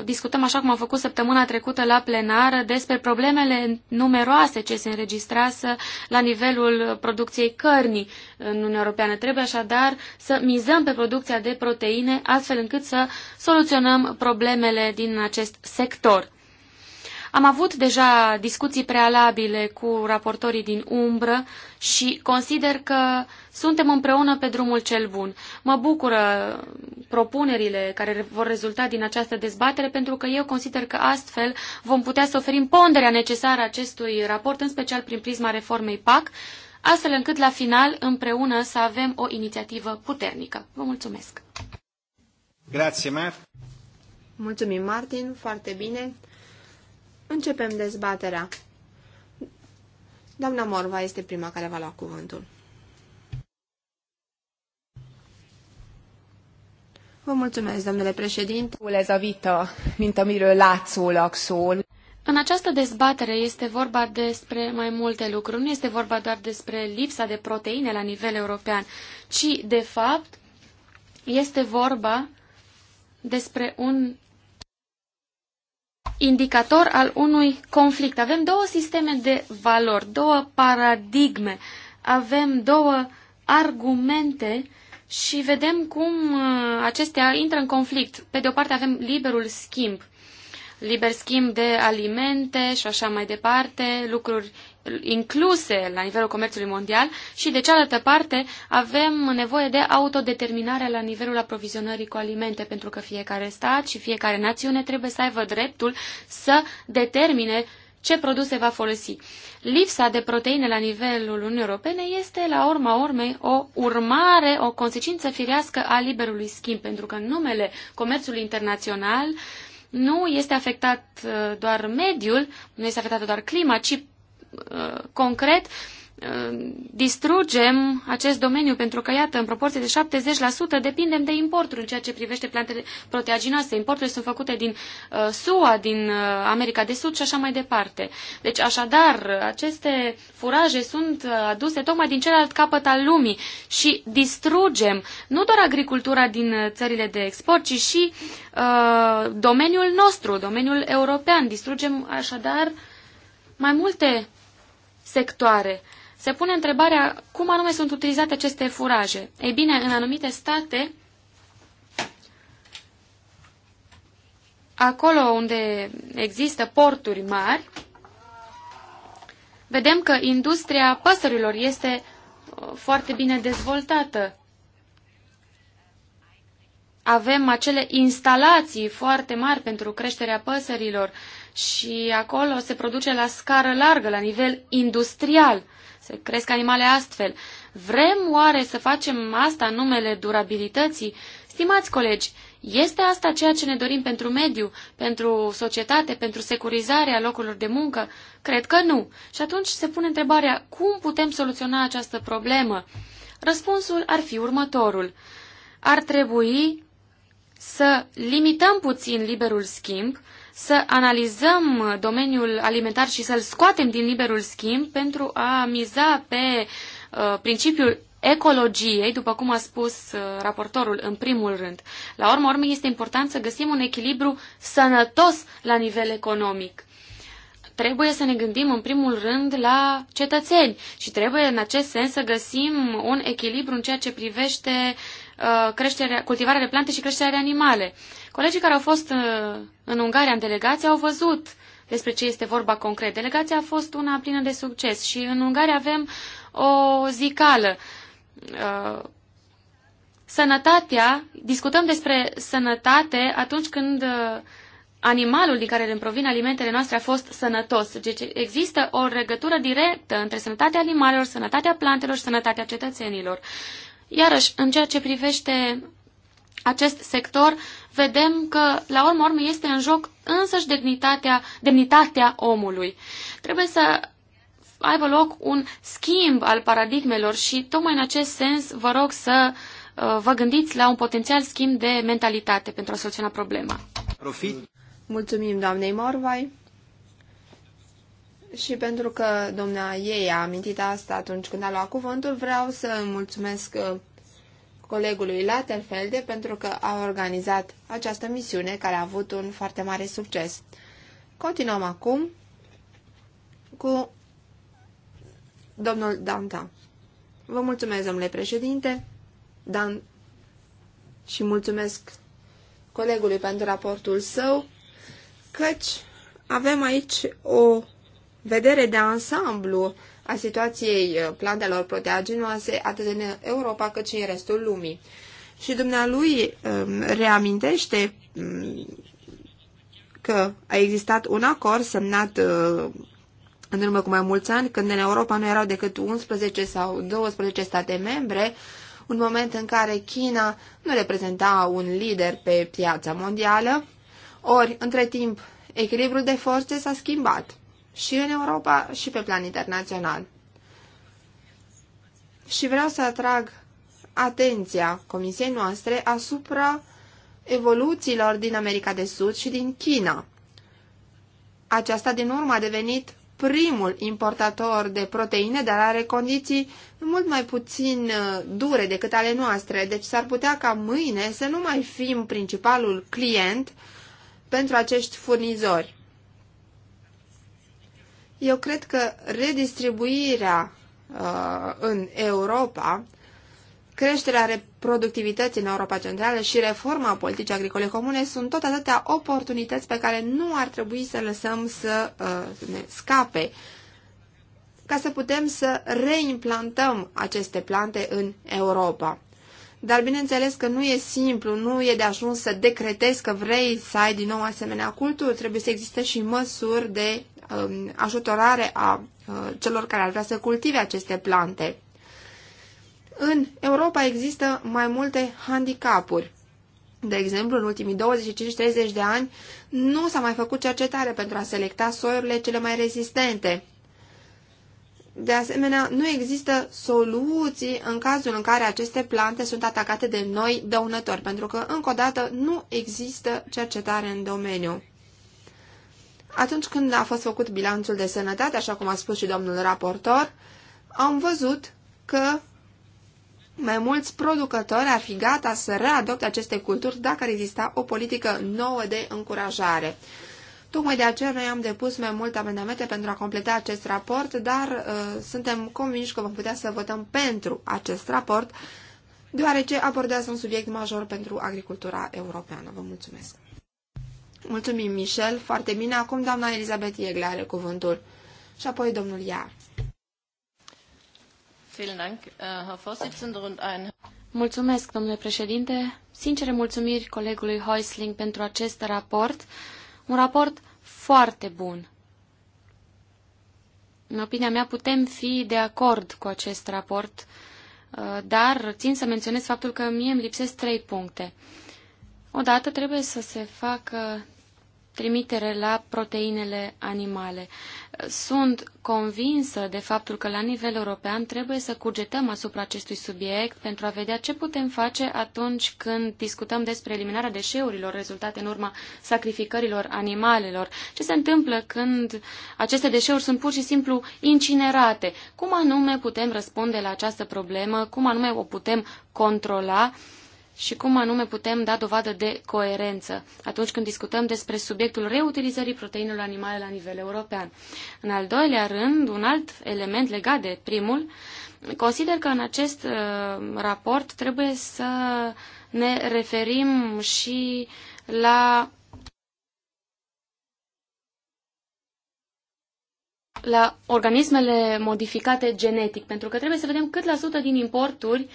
discutăm așa cum am făcut săptămâna trecută la plenară despre problemele numeroase ce se înregistrase la nivelul producției cărnii în Uniunea Europeană. Trebuie așadar să mizăm pe producția de proteine astfel încât să soluționăm problemele din acest sector. Am avut deja discuții prealabile cu raportorii din umbră și consider că suntem împreună pe drumul cel bun. Mă bucură propunerile care vor rezulta din această dezbatere pentru că eu consider că astfel vom putea să oferim ponderea necesară acestui raport, în special prin prisma reformei PAC, astfel încât la final împreună să avem o inițiativă puternică. Vă mulțumesc! Grazie, Mar. Mulțumim, Martin. Foarte bine. Începem dezbaterea. Doamna Morva este prima care va lua cuvântul. Vă mulțumesc, domnule președinte. În această dezbatere este vorba despre mai multe lucruri. Nu este vorba doar despre lipsa de proteine la nivel european, ci, de fapt, este vorba despre un indicator al unui conflict. Avem două sisteme de valori, două paradigme, avem două argumente și vedem cum uh, acestea intră în conflict. Pe de o parte avem liberul schimb liber schimb de alimente și așa mai departe, lucruri incluse la nivelul comerțului mondial și de cealaltă parte avem nevoie de autodeterminare la nivelul aprovizionării cu alimente pentru că fiecare stat și fiecare națiune trebuie să aibă dreptul să determine ce produse va folosi. Lipsa de proteine la nivelul Uniunii Europene este, la urma urmei, o urmare, o consecință firească a liberului schimb, pentru că în numele comerțului internațional uh, nu este afectat uh, doar mediul, nu este afectată doar clima, ci uh, concret Uh, distrugem acest domeniu, pentru că, iată, în proporție de 70% depindem de importuri în ceea ce privește plantele proteaginoase. Importurile sunt făcute din uh, SUA, din uh, America de Sud și așa mai departe. Deci, așadar, aceste furaje sunt uh, aduse tocmai din celălalt capăt al lumii și distrugem nu doar agricultura din uh, țările de export, ci și uh, domeniul nostru, domeniul european. Distrugem, așadar, mai multe sectoare. Se pune întrebarea cum anume sunt utilizate aceste furaje. Ei bine, în anumite state, acolo unde există porturi mari, vedem că industria păsărilor este uh, foarte bine dezvoltată. Avem acele instalații foarte mari pentru creșterea păsărilor și acolo se produce la scară largă, la nivel industrial se cresc animale astfel. Vrem oare să facem asta în numele durabilității? Stimați colegi, este asta ceea ce ne dorim pentru mediu, pentru societate, pentru securizarea locurilor de muncă? Cred că nu. Și atunci se pune întrebarea, cum putem soluționa această problemă? Răspunsul ar fi următorul. Ar trebui să limităm puțin liberul schimb, să analizăm domeniul alimentar și să-l scoatem din liberul schimb pentru a miza pe uh, principiul ecologiei, după cum a spus uh, raportorul în primul rând. La urmă urmă este important să găsim un echilibru sănătos la nivel economic. Trebuie să ne gândim în primul rând la cetățeni și trebuie în acest sens să găsim un echilibru în ceea ce privește uh, Uh, creșterea, cultivarea de plante și creșterea de animale. Colegii care au fost uh, în Ungaria în delegație au văzut despre ce este vorba concret. Delegația a fost una plină de succes și în Ungaria avem o zicală. Uh, sănătatea, discutăm despre sănătate atunci când animalul din care le provin alimentele noastre a fost sănătos. Deci există o legătură directă între sănătatea animalelor, sănătatea plantelor și sănătatea cetățenilor. Iarăși, în ceea ce privește acest sector, vedem că, la urmă urmă, este în joc însăși demnitatea, demnitatea omului. Trebuie să aibă loc un schimb al paradigmelor și, tocmai în acest sens, vă rog să uh, vă gândiți la un potențial schimb de mentalitate pentru a soluționa problema. Profit. Mulțumim, doamnei Morvai și pentru că domna ei a amintit asta atunci când a luat cuvântul, vreau să mulțumesc uh, colegului Laterfelde pentru că a organizat această misiune care a avut un foarte mare succes. Continuăm acum cu domnul Danta. Vă mulțumesc, domnule președinte, Dan, și mulțumesc colegului pentru raportul său, căci avem aici o vedere de ansamblu a situației uh, plantelor proteaginoase atât în Europa cât și în restul lumii. Și dumnealui um, reamintește um, că a existat un acord semnat uh, în urmă cu mai mulți ani, când în Europa nu erau decât 11 sau 12 state membre, un moment în care China nu reprezenta un lider pe piața mondială, ori, între timp, echilibrul de forțe s-a schimbat și în Europa și pe plan internațional. Și vreau să atrag atenția Comisiei noastre asupra evoluțiilor din America de Sud și din China. Aceasta din urmă a devenit primul importator de proteine, dar are condiții mult mai puțin uh, dure decât ale noastre, deci s-ar putea ca mâine să nu mai fim principalul client pentru acești furnizori. Eu cred că redistribuirea uh, în Europa, creșterea productivității în Europa Centrală și reforma politicii agricole comune sunt tot atâtea oportunități pe care nu ar trebui să lăsăm să uh, ne scape ca să putem să reimplantăm aceste plante în Europa. Dar bineînțeles că nu e simplu, nu e de ajuns să decretezi că vrei să ai din nou asemenea culturi, trebuie să existe și măsuri de Um, ajutorare a uh, celor care ar vrea să cultive aceste plante. În Europa există mai multe handicapuri. De exemplu, în ultimii 25-30 de ani nu s-a mai făcut cercetare pentru a selecta soiurile cele mai rezistente. De asemenea, nu există soluții în cazul în care aceste plante sunt atacate de noi dăunători, pentru că, încă o dată, nu există cercetare în domeniu atunci când a fost făcut bilanțul de sănătate, așa cum a spus și domnul raportor, am văzut că mai mulți producători ar fi gata să readopte aceste culturi dacă ar exista o politică nouă de încurajare. Tocmai de aceea noi am depus mai multe amendamente pentru a completa acest raport, dar uh, suntem convinși că vom putea să votăm pentru acest raport, deoarece abordează un subiect major pentru agricultura europeană. Vă mulțumesc! Mulțumim, Michel. Foarte bine. Acum doamna Elizabeth Iegle are cuvântul. Și apoi domnul Iar. Äh, Mulțumesc, domnule președinte. Sincere mulțumiri colegului Heusling pentru acest raport. Un raport foarte bun. În opinia mea, putem fi de acord cu acest raport, uh, dar țin să menționez faptul că mie îmi lipsesc trei puncte. Odată trebuie să se facă trimitere la proteinele animale. Sunt convinsă de faptul că la nivel european trebuie să cugetăm asupra acestui subiect pentru a vedea ce putem face atunci când discutăm despre eliminarea deșeurilor rezultate în urma sacrificărilor animalelor. Ce se întâmplă când aceste deșeuri sunt pur și simplu incinerate? Cum anume putem răspunde la această problemă? Cum anume o putem controla? și cum anume putem da dovadă de coerență atunci când discutăm despre subiectul reutilizării proteinelor animale la nivel european. În al doilea rând, un alt element legat de primul, consider că în acest uh, raport trebuie să ne referim și la la organismele modificate genetic, pentru că trebuie să vedem cât la sută din importuri uh,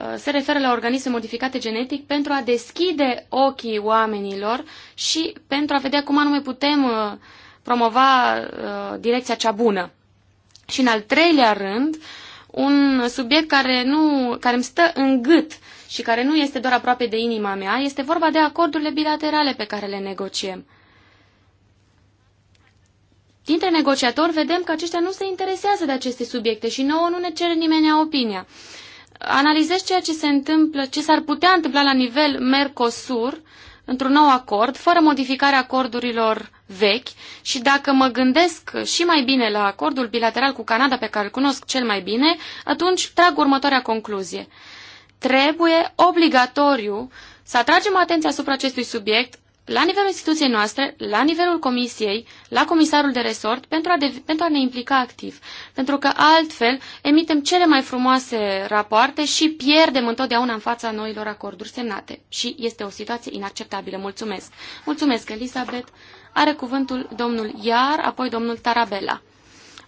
Uh, se referă la organisme modificate genetic pentru a deschide ochii oamenilor și pentru a vedea cum anume putem uh, promova uh, direcția cea bună. Și în al treilea rând, un subiect care, nu, care îmi stă în gât și care nu este doar aproape de inima mea, este vorba de acordurile bilaterale pe care le negociem. Dintre negociatori vedem că aceștia nu se interesează de aceste subiecte și nouă nu ne cere nimeni opinia analizezi ceea ce se întâmplă, ce s-ar putea întâmpla la nivel Mercosur într-un nou acord, fără modificarea acordurilor vechi și dacă mă gândesc și mai bine la acordul bilateral cu Canada pe care îl cunosc cel mai bine, atunci trag următoarea concluzie. Trebuie obligatoriu să atragem atenția asupra acestui subiect la nivelul instituției noastre, la nivelul comisiei, la comisarul de resort, pentru a, de, pentru a ne implica activ. Pentru că altfel emitem cele mai frumoase rapoarte și pierdem întotdeauna în fața noilor acorduri semnate. Și este o situație inacceptabilă. Mulțumesc. Mulțumesc, Elisabeth. Are cuvântul domnul Iar, apoi domnul Tarabella.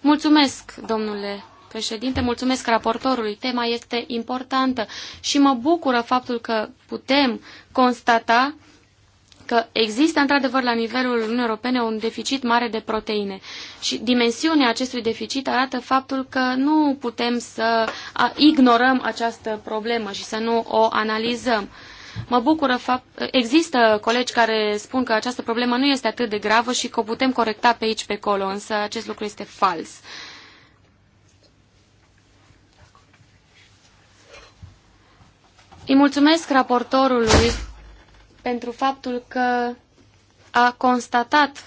Mulțumesc, domnule președinte, mulțumesc raportorului. Tema este importantă și mă bucură faptul că putem constata că există într-adevăr la nivelul Uniunii Europene un deficit mare de proteine și dimensiunea acestui deficit arată faptul că nu putem să ignorăm această problemă și să nu o analizăm. Mă bucură fapt... Există colegi care spun că această problemă nu este atât de gravă și că o putem corecta pe aici, pe acolo, însă acest lucru este fals. Îi mulțumesc raportorului pentru faptul că a constatat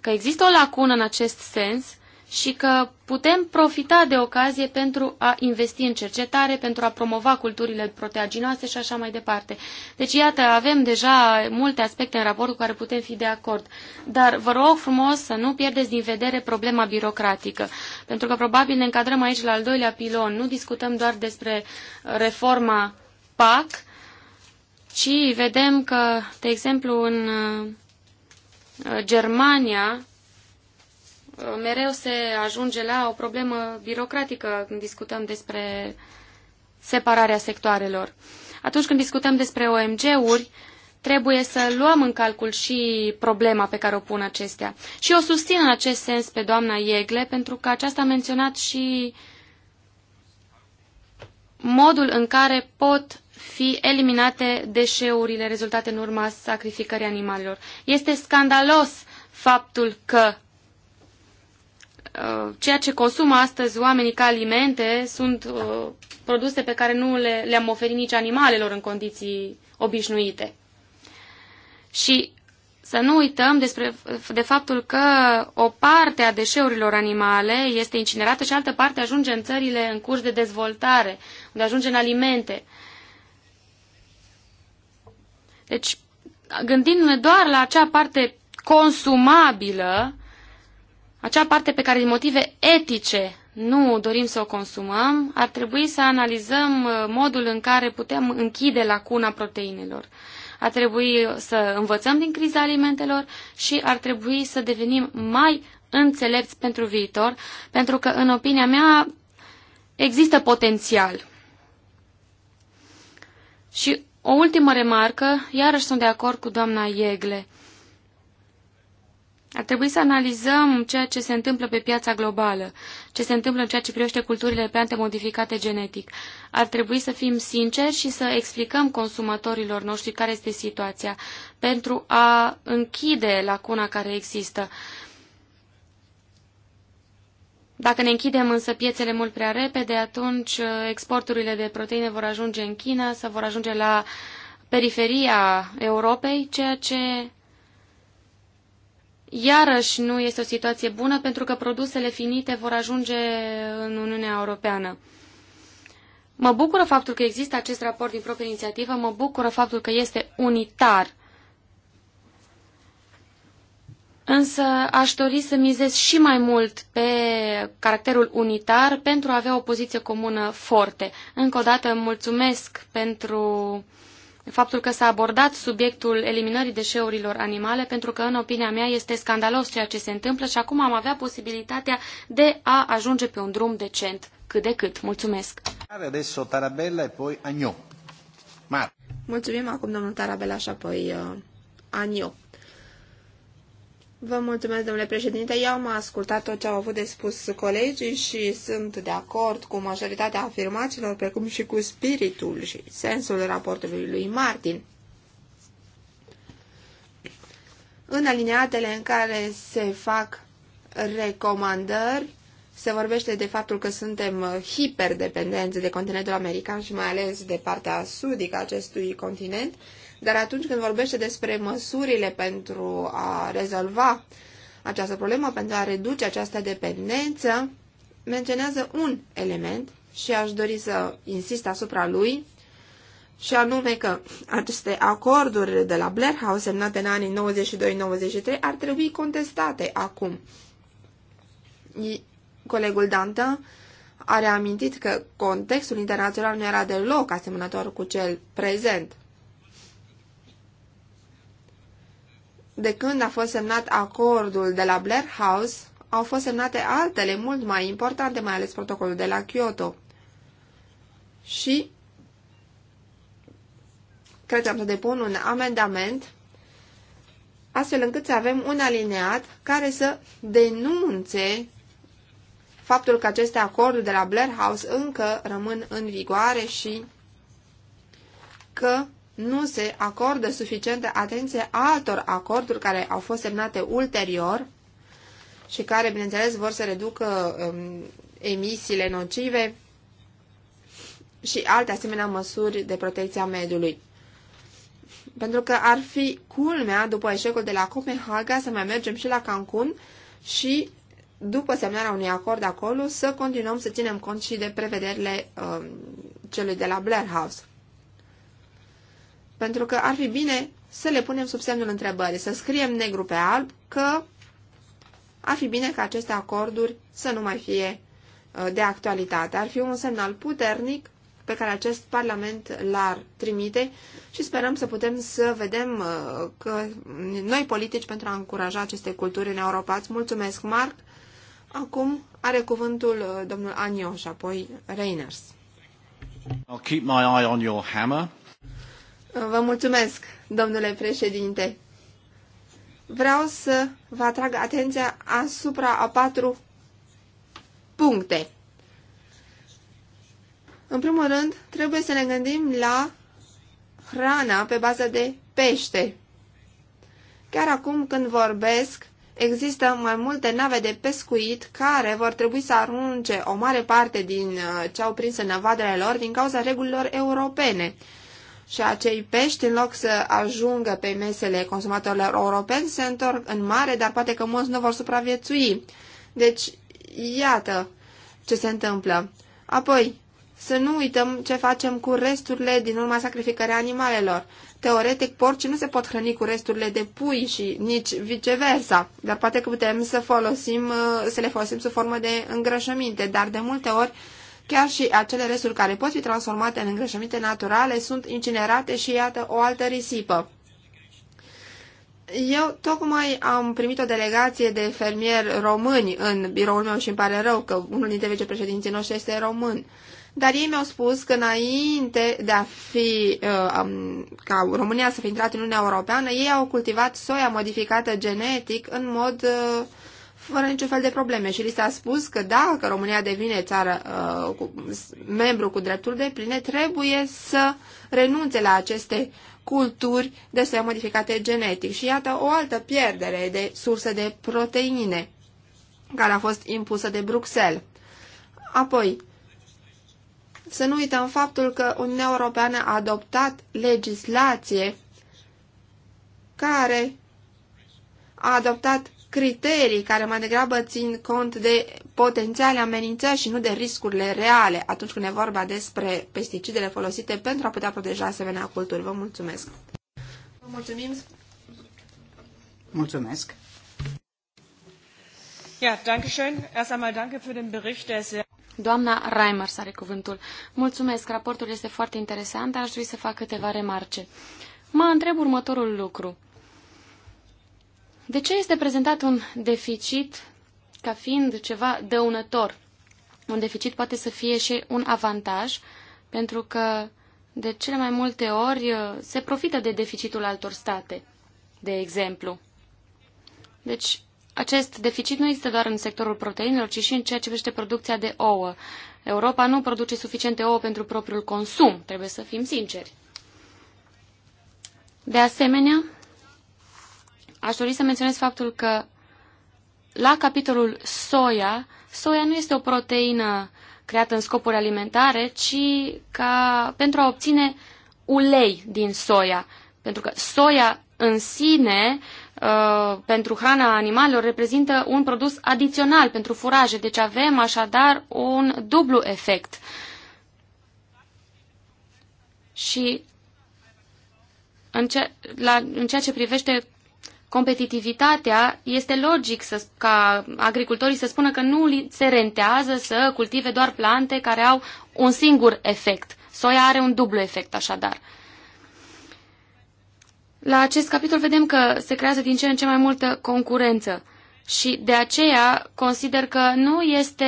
că există o lacună în acest sens și că putem profita de ocazie pentru a investi în cercetare, pentru a promova culturile proteaginoase și așa mai departe. Deci, iată, avem deja multe aspecte în raport cu care putem fi de acord. Dar vă rog frumos să nu pierdeți din vedere problema birocratică, pentru că probabil ne încadrăm aici la al doilea pilon. Nu discutăm doar despre reforma PAC, și vedem că, de exemplu, în uh, Germania uh, mereu se ajunge la o problemă birocratică când discutăm despre separarea sectoarelor. Atunci când discutăm despre OMG-uri, trebuie să luăm în calcul și problema pe care o pun acestea. Și o susțin în acest sens pe doamna Iegle, pentru că aceasta a menționat și modul în care pot fi eliminate deșeurile rezultate în urma sacrificării animalelor. Este scandalos faptul că uh, ceea ce consumă astăzi oamenii ca alimente sunt uh, produse pe care nu le, le-am oferit nici animalelor în condiții obișnuite. Și să nu uităm despre, de faptul că o parte a deșeurilor animale este incinerată și altă parte ajunge în țările în curs de dezvoltare, unde ajunge în alimente. Deci, gândindu-ne doar la acea parte consumabilă, acea parte pe care din motive etice nu dorim să o consumăm, ar trebui să analizăm uh, modul în care putem închide lacuna proteinelor. Ar trebui să învățăm din criza alimentelor și ar trebui să devenim mai înțelepți pentru viitor, pentru că, în opinia mea, există potențial. Și o ultimă remarcă, iarăși sunt de acord cu doamna Iegle. Ar trebui să analizăm ceea ce se întâmplă pe piața globală, ce se întâmplă în ceea ce privește culturile plante modificate genetic. Ar trebui să fim sinceri și să explicăm consumatorilor noștri care este situația pentru a închide lacuna care există. Dacă ne închidem însă piețele mult prea repede, atunci uh, exporturile de proteine vor ajunge în China sau vor ajunge la periferia Europei, ceea ce iarăși nu este o situație bună pentru că produsele finite vor ajunge în Uniunea Europeană. Mă bucură faptul că există acest raport din proprie inițiativă, mă bucură faptul că este unitar Însă aș dori să mizez și mai mult pe caracterul unitar pentru a avea o poziție comună forte. Încă o dată mulțumesc pentru faptul că s-a abordat subiectul eliminării deșeurilor animale, pentru că, în opinia mea, este scandalos ceea ce se întâmplă și acum am avea posibilitatea de a ajunge pe un drum decent, cât de cât. Mulțumesc! Adesso Tarabella e poi Mulțumim acum domnul Tarabella și apoi uh, Vă mulțumesc, domnule președinte. Eu am ascultat tot ce au avut de spus colegii și sunt de acord cu majoritatea afirmațiilor, precum și cu spiritul și sensul raportului lui Martin. În alineatele în care se fac recomandări, se vorbește de faptul că suntem hiperdependenți de continentul american și mai ales de partea sudică acestui continent, dar atunci când vorbește despre măsurile pentru a rezolva această problemă, pentru a reduce această dependență, menționează un element și aș dori să insist asupra lui, și anume că aceste acorduri de la Blair House semnate în anii 92-93 ar trebui contestate acum. Colegul Dantă a reamintit că contextul internațional nu era deloc asemănător cu cel prezent. de când a fost semnat acordul de la Blair House, au fost semnate altele mult mai importante, mai ales protocolul de la Kyoto. Și cred că am să depun un amendament astfel încât să avem un alineat care să denunțe faptul că aceste acorduri de la Blair House încă rămân în vigoare și că nu se acordă suficientă atenție altor acorduri care au fost semnate ulterior și care, bineînțeles, vor să reducă um, emisiile nocive și alte asemenea măsuri de protecție a mediului. Pentru că ar fi culmea, după eșecul de la Copenhaga, să mai mergem și la Cancun și, după semnarea unui acord acolo, să continuăm să ținem cont și de prevederile um, celui de la Blair House. Pentru că ar fi bine să le punem sub semnul întrebării, să scriem negru pe alb că ar fi bine ca aceste acorduri să nu mai fie uh, de actualitate. Ar fi un semnal puternic pe care acest Parlament l-ar trimite și sperăm să putem să vedem uh, că noi politici pentru a încuraja aceste culturi în Europa. Îți mulțumesc, Marc. Acum are cuvântul uh, domnul Anio și apoi Reiners. I'll keep my eye on your hammer. Vă mulțumesc, domnule președinte. Vreau să vă atrag atenția asupra a patru puncte. În primul rând, trebuie să ne gândim la hrana pe bază de pește. Chiar acum când vorbesc, există mai multe nave de pescuit care vor trebui să arunce o mare parte din uh, ce au prins în navadele lor din cauza regulilor europene și acei pești, în loc să ajungă pe mesele consumatorilor europeni, se întorc în mare, dar poate că mulți nu vor supraviețui. Deci, iată ce se întâmplă. Apoi, să nu uităm ce facem cu resturile din urma sacrificării animalelor. Teoretic, porcii nu se pot hrăni cu resturile de pui și nici viceversa, dar poate că putem să, folosim, să le folosim sub formă de îngrășăminte, dar de multe ori Chiar și acele resturi care pot fi transformate în îngrășăminte naturale sunt incinerate și iată o altă risipă. Eu tocmai am primit o delegație de fermieri români în biroul meu și îmi pare rău că unul dintre vicepreședinții noștri este român. Dar ei mi-au spus că înainte de a fi, uh, um, ca România să fi intrat în Uniunea Europeană, ei au cultivat soia modificată genetic în mod uh, fără niciun fel de probleme și li s-a spus că dacă România devine țară uh, cu, membru cu drepturi de pline, trebuie să renunțe la aceste culturi de desea modificate genetic. Și iată o altă pierdere de surse de proteine care a fost impusă de Bruxelles. Apoi, să nu uităm faptul că Uniunea Europeană a adoptat legislație care a adoptat criterii care mai degrabă țin cont de potențiale amenințări și nu de riscurile reale atunci când e vorba despre pesticidele folosite pentru a putea proteja asemenea culturi. Vă mulțumesc! Vă mulțumim! Mulțumesc! Ja, danke schön. Erst einmal danke für den Bericht, der sehr Doamna Reimers are cuvântul. Mulțumesc, raportul este foarte interesant, dar aș vrea să fac câteva remarce. Mă întreb următorul lucru. De ce este prezentat un deficit ca fiind ceva dăunător? Un deficit poate să fie și un avantaj, pentru că de cele mai multe ori uh, se profită de deficitul altor state, de exemplu. Deci, acest deficit nu există doar în sectorul proteinelor, ci și în ceea ce privește producția de ouă. Europa nu produce suficiente ouă pentru propriul consum, trebuie să fim sinceri. De asemenea, aș dori să menționez faptul că la capitolul soia, soia nu este o proteină creată în scopuri alimentare, ci ca pentru a obține ulei din soia. Pentru că soia în sine, uh, pentru hrana animalelor, reprezintă un produs adițional pentru furaje. Deci avem așadar un dublu efect. Și în, ce, la, în ceea ce privește competitivitatea, este logic să, ca agricultorii să spună că nu se rentează să cultive doar plante care au un singur efect. Soia are un dublu efect, așadar. La acest capitol vedem că se creează din ce în ce mai multă concurență și de aceea consider că nu este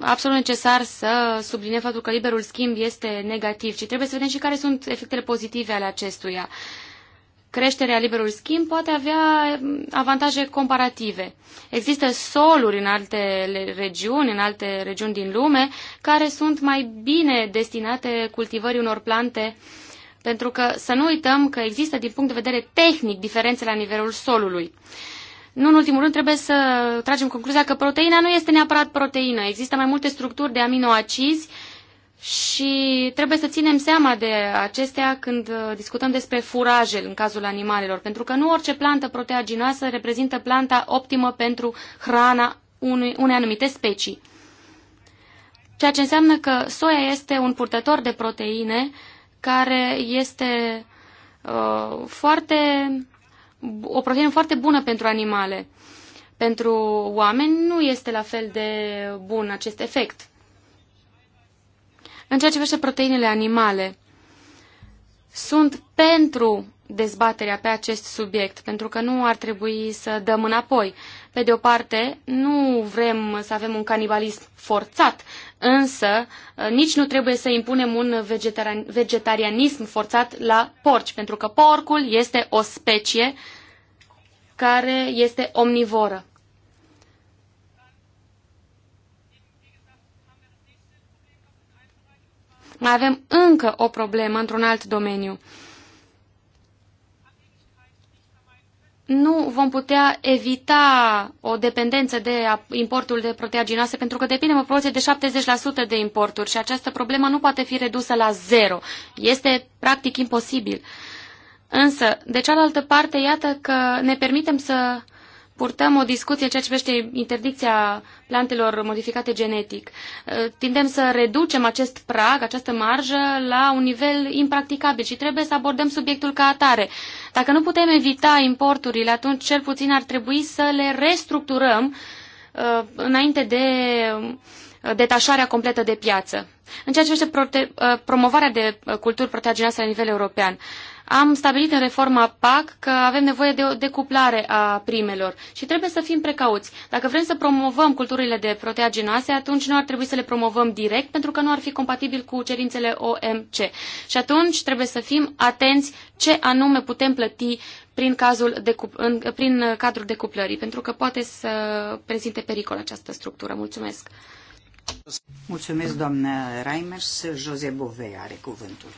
absolut necesar să subliniem faptul că liberul schimb este negativ, ci trebuie să vedem și care sunt efectele pozitive ale acestuia. Uh, creșterea liberului schimb poate avea mm, avantaje comparative. Există soluri în alte regiuni, în alte regiuni din lume, care sunt mai bine destinate cultivării unor plante, pentru că să nu uităm că există din punct de vedere tehnic diferențe la nivelul solului. Nu în ultimul rând trebuie să tragem concluzia că proteina nu este neapărat proteină. Există mai multe structuri de aminoacizi și trebuie să ținem seama de acestea când uh, discutăm despre furajel în cazul animalelor, pentru că nu orice plantă proteaginoasă reprezintă planta optimă pentru hrana unui, unei anumite specii. Ceea ce înseamnă că soia este un purtător de proteine care este uh, foarte, o proteină foarte bună pentru animale. Pentru oameni nu este la fel de bun acest efect. În ceea ce vește proteinele animale, sunt pentru dezbaterea pe acest subiect, pentru că nu ar trebui să dăm înapoi. Pe de o parte, nu vrem să avem un canibalism forțat, însă ă, nici nu trebuie să impunem un vegetarianism forțat la porci, pentru că porcul este o specie care este omnivoră. mai avem încă o problemă într-un alt domeniu. nu vom putea evita o dependență de importul de proteaginase pentru că depinde o proporție de 70% de importuri și această problemă nu poate fi redusă la zero. Este practic imposibil. Însă, de cealaltă parte, iată că ne permitem să uh, purtăm o discuție în ceea ce privește interdicția plantelor modificate genetic. Uh, tindem să reducem acest prag, această marjă, la un nivel impracticabil și trebuie să abordăm subiectul ca atare. Dacă nu putem evita importurile, atunci cel puțin ar trebui să le restructurăm uh, înainte de Uh, detașarea completă de piață. În ceea ce privește uh, promovarea de uh, culturi proteaginoase la nivel european, am stabilit în reforma PAC că avem nevoie de o decuplare a primelor și trebuie să fim precauți. Dacă vrem să promovăm culturile de proteaginoase, atunci nu ar trebui să le promovăm direct pentru că nu ar fi compatibil cu cerințele OMC. Și atunci trebuie să fim atenți ce anume putem plăti prin, cazul decup- în, prin cadrul decuplării, pentru că poate să prezinte pericol această structură. Mulțumesc! Mulțumesc, doamnă Reimers. Jose Bove are cuvântul.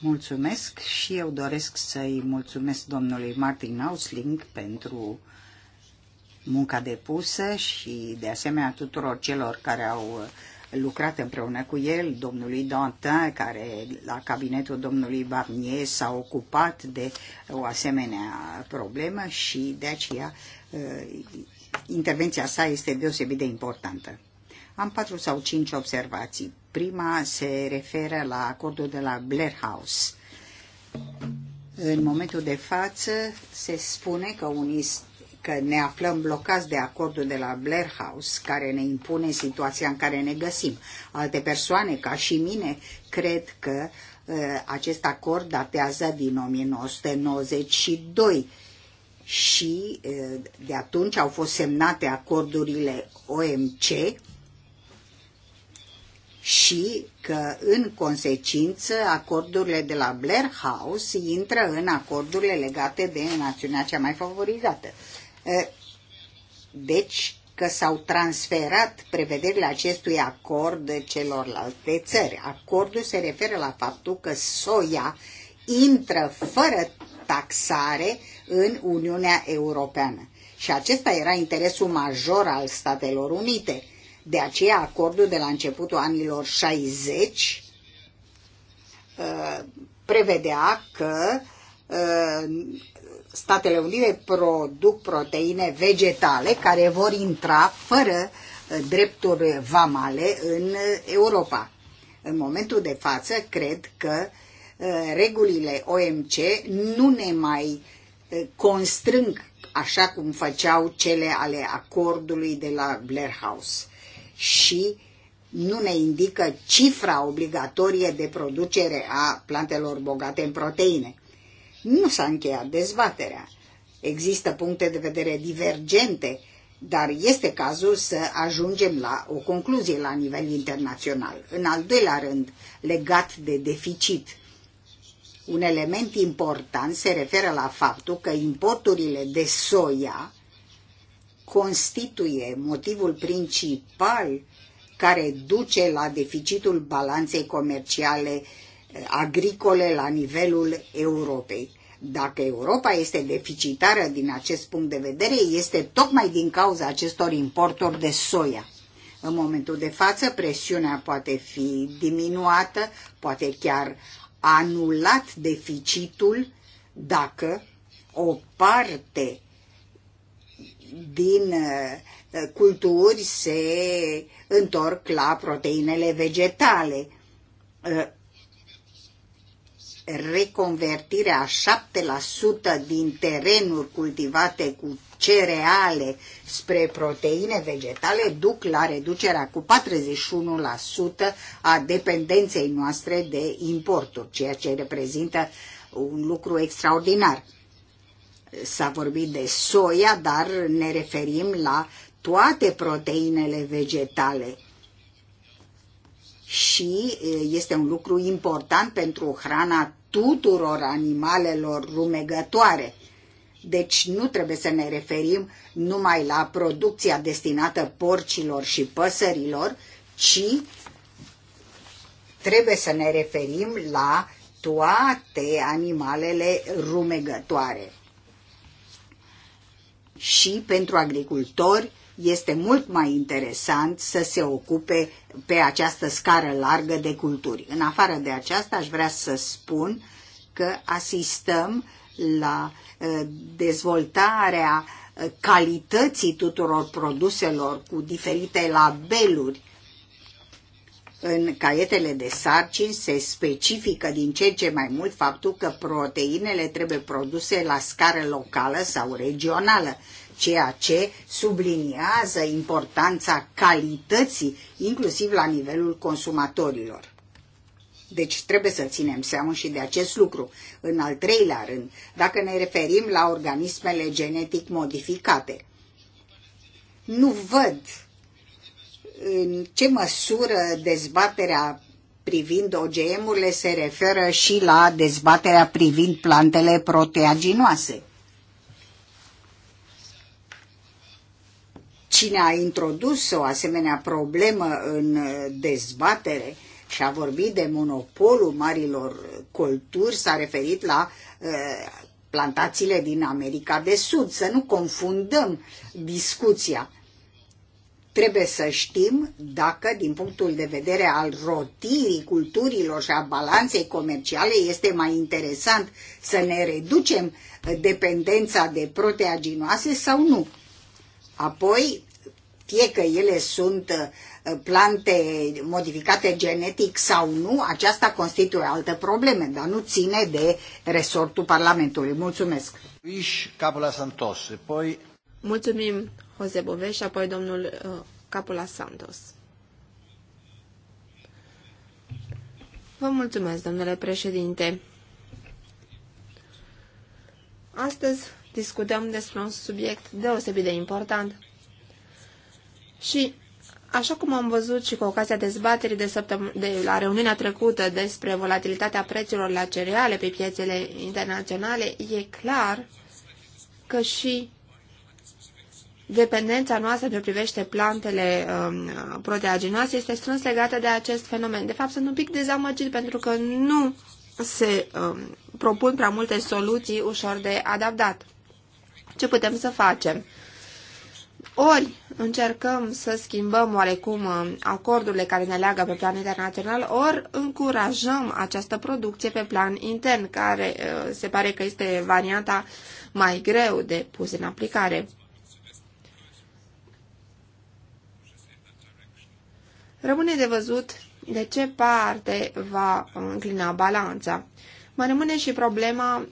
Mulțumesc și eu doresc să-i mulțumesc domnului Martin Ausling pentru munca depusă și de asemenea tuturor celor care au lucrat împreună cu el, domnului Dantin, care la cabinetul domnului Barnier s-a ocupat de o asemenea problemă și de aceea intervenția sa este deosebit de importantă. Am patru sau cinci observații. Prima se referă la acordul de la Blair House. În momentul de față se spune că, unii, că ne aflăm blocați de acordul de la Blair House, care ne impune situația în care ne găsim. Alte persoane, ca și mine, cred că uh, acest acord datează din 1992 și de atunci au fost semnate acordurile OMC și că, în consecință, acordurile de la Blair House intră în acordurile legate de națiunea cea mai favorizată. Deci că s-au transferat prevederile acestui acord celorlalte țări. Acordul se referă la faptul că soia intră fără taxare în Uniunea Europeană. Și acesta era interesul major al Statelor Unite. De aceea acordul de la începutul anilor 60 uh, prevedea că uh, Statele Unite produc proteine vegetale care vor intra fără uh, drepturi vamale în Europa. În momentul de față, cred că regulile OMC nu ne mai constrâng așa cum făceau cele ale acordului de la Blair House și nu ne indică cifra obligatorie de producere a plantelor bogate în proteine. Nu s-a încheiat dezbaterea. Există puncte de vedere divergente, dar este cazul să ajungem la o concluzie la nivel internațional. În al doilea rând, legat de deficit – un element important se referă la faptul că importurile de soia constituie motivul principal care duce la deficitul balanței comerciale eh, agricole la nivelul Europei. Dacă Europa este deficitară din acest punct de vedere, este tocmai din cauza acestor importuri de soia. În momentul de față, presiunea poate fi diminuată, poate chiar anulat deficitul dacă o parte din uh, culturi se întorc la proteinele vegetale. Uh, reconvertirea a 7% din terenuri cultivate cu cereale spre proteine vegetale duc la reducerea cu 41% a dependenței noastre de importuri, ceea ce reprezintă un lucru extraordinar. S-a vorbit de soia, dar ne referim la toate proteinele vegetale și este un lucru important pentru hrana tuturor animalelor rumegătoare. Deci nu trebuie să ne referim numai la producția destinată porcilor și păsărilor, ci trebuie să ne referim la toate animalele rumegătoare. Și pentru agricultori este mult mai interesant să se ocupe pe această scară largă de culturi. În afară de aceasta, aș vrea să spun că asistăm la Eh, dezvoltarea eh, calității tuturor produselor cu diferite labeluri. În caietele de sarcini se specifică din ce în ce mai mult faptul că proteinele trebuie produse la scară locală sau regională, ceea ce subliniază importanța calității, inclusiv la nivelul consumatorilor. Deci trebuie să ținem seama și de acest lucru. În al treilea rând, dacă ne referim la organismele genetic modificate, nu văd în ce măsură dezbaterea privind OGM-urile se referă și la dezbaterea privind plantele proteaginoase. Cine a introdus o asemenea problemă în dezbatere și a vorbit de monopolul marilor culturi, s-a referit la uh, plantațiile din America de Sud. Să nu confundăm discuția. Trebuie să știm dacă, din punctul de vedere al rotirii culturilor și a balanței comerciale, este mai interesant să ne reducem dependența de proteaginoase sau nu. Apoi, fie că ele sunt uh, plante modificate genetic sau nu, aceasta constituie alte probleme, dar nu ține de resortul Parlamentului. Mulțumesc! Capula Santos, apoi... Mulțumim, Jose Bove și apoi domnul uh, Capula Santos. Vă mulțumesc, domnule președinte. Astăzi discutăm despre un subiect deosebit de important și Așa cum am văzut și cu ocazia dezbaterii de, de la reuniunea trecută despre volatilitatea prețurilor la cereale pe piețele internaționale, e clar că și dependența noastră ce privește plantele um, proteaginoase este strâns legată de acest fenomen. De fapt, sunt un pic dezamăgit pentru că nu se um, propun prea multe soluții ușor de adaptat. Ce putem să facem? Ori încercăm să schimbăm oarecum uh, acordurile care ne leagă pe plan internațional, ori încurajăm această producție pe plan intern, care uh, se pare că este varianta mai greu de pus în aplicare. Rămâne de văzut de ce parte va uh, înclina balanța. Mai rămâne și problema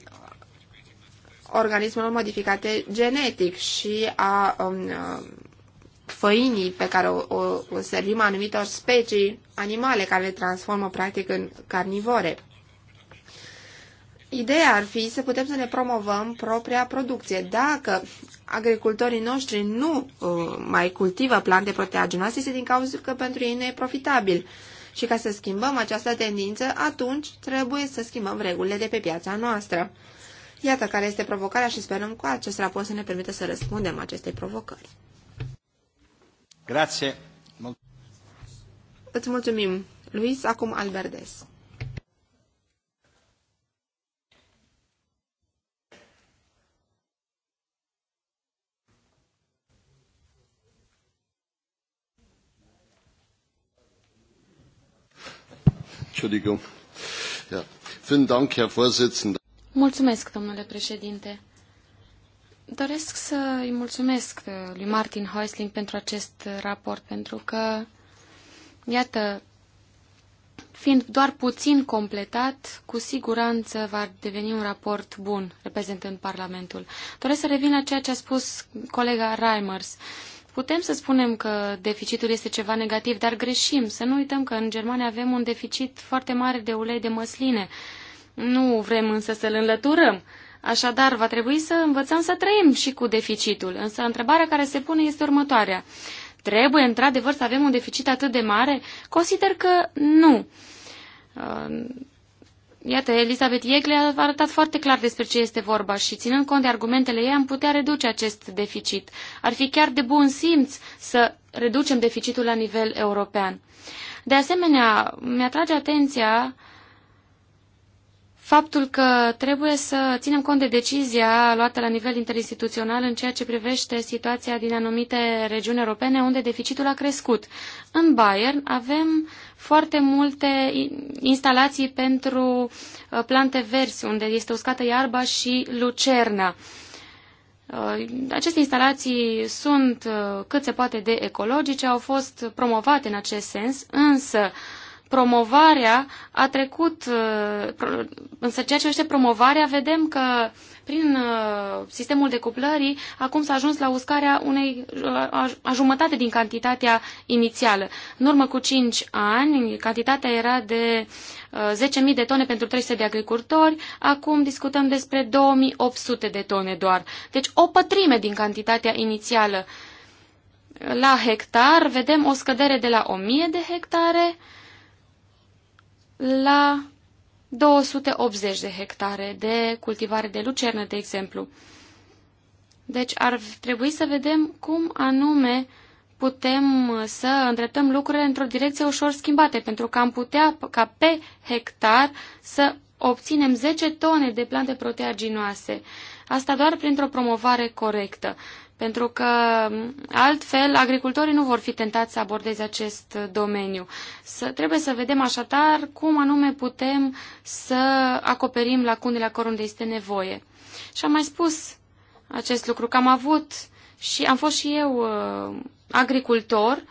organismelor modificate genetic și a um, făinii pe care o, o, o servim anumitor specii animale care le transformă practic în carnivore. Ideea ar fi să putem să ne promovăm propria producție. Dacă agricultorii noștri nu uh, mai cultivă plante proteaginoase, este din cauza că pentru ei nu e profitabil. Și ca să schimbăm această tendință, atunci trebuie să schimbăm regulile de pe piața noastră. Iată care este provocarea și sperăm că acest raport să ne permită să răspundem acestei provocări. Grație. Mul Îți mulțumim, Luis, acum Alberdes. Entschuldigung. Ja. Vielen Dank, Herr Vorsitzender. Mulțumesc, domnule președinte. Doresc să îi mulțumesc uh, lui Martin Häusling pentru acest raport, pentru că, iată, fiind doar puțin completat, cu siguranță va deveni un raport bun reprezentând Parlamentul. Doresc să revin la ceea ce a spus colega Reimers. Putem să spunem că deficitul este ceva negativ, dar greșim. Să nu uităm că în Germania avem un deficit foarte mare de ulei de măsline. Uh, nu vrem însă să-l înlăturăm. Așadar, va trebui să învățăm să trăim și cu deficitul. Însă întrebarea care se pune este următoarea. Trebuie într-adevăr să avem un deficit atât de mare? Consider că nu. Ehm, iată, Elisabeth Iegle a arătat foarte clar despre ce este vorba și, ținând cont de argumentele ei, am putea reduce acest deficit. Ar fi chiar de bun simț să reducem deficitul la nivel european. De asemenea, mi-atrage atenția uh, faptul că trebuie să ținem cont de decizia luată la nivel interinstituțional în ceea ce privește situația din anumite regiuni europene unde deficitul a crescut. În Bayern avem foarte multe instalații pentru uh, plante verzi, unde este uscată iarba și lucerna. Uh, aceste instalații sunt uh, cât se poate de ecologice, au fost promovate în acest sens, însă promovarea a trecut, uh, însă ceea ce este promovarea, vedem că prin uh, sistemul de cuplării, acum s-a ajuns la uscarea unei, uh, a jumătate din cantitatea inițială. În urmă cu 5 ani, cantitatea era de 10.000 de tone pentru 300 de agricultori, acum discutăm despre 2.800 de tone doar. Deci o pătrime din cantitatea inițială. La hectar vedem o scădere de la 1.000 de hectare la 280 de hectare de cultivare de lucernă, de exemplu. Deci ar trebui să vedem cum anume putem uh, să îndreptăm lucrurile într-o direcție ușor schimbate, pentru că am putea ca pe hectar să obținem 10 tone de plante proteaginoase. Asta doar printr-o promovare corectă pentru că altfel agricultorii nu vor fi tentați să abordeze acest domeniu. Să, trebuie să vedem așadar cum anume putem să acoperim lacunile acolo unde este nevoie. Și am mai spus acest lucru, că am avut și am fost și eu uh, agricultor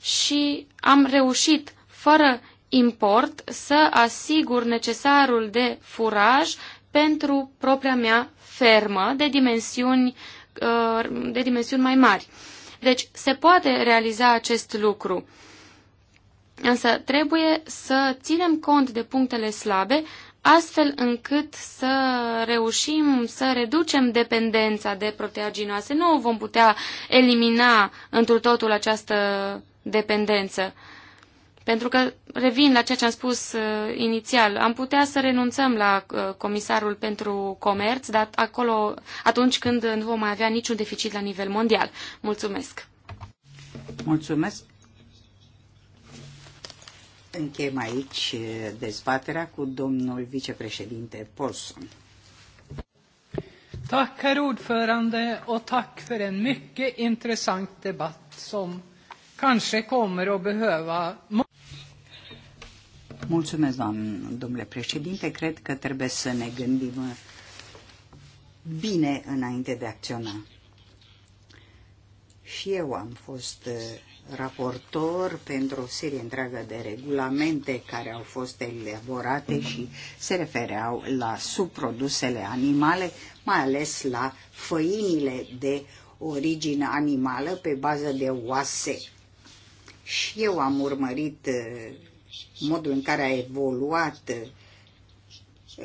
și am reușit, fără import, să asigur necesarul de furaj pentru propria mea fermă de dimensiuni Uh, de dimensiuni mai mari. Deci se poate realiza acest lucru, însă trebuie să ținem cont de punctele slabe, astfel încât să reușim să reducem dependența de proteaginoase. Nu vom putea elimina întru totul această dependență. Pentru că, revin la ceea ce am spus uh, inițial, am putea să renunțăm la uh, comisarul pentru comerț, dar acolo, atunci când nu vom mai avea niciun deficit la nivel mondial. Mulțumesc! Mulțumesc! Încheiem aici uh, dezbaterea cu domnul vicepreședinte Polson. Tack herr ordförande och tack för en mycket intressant debatt som kanske kommer att behöva Mulțumesc, domnule președinte. Cred că trebuie să ne gândim uh, bine înainte de a acționa. Și eu am fost uh, raportor pentru o serie întreagă de regulamente care au fost elaborate și se refereau la subprodusele animale, mai ales la făinile de origine animală pe bază de oase. Și eu am urmărit uh, modul în care a evoluat uh,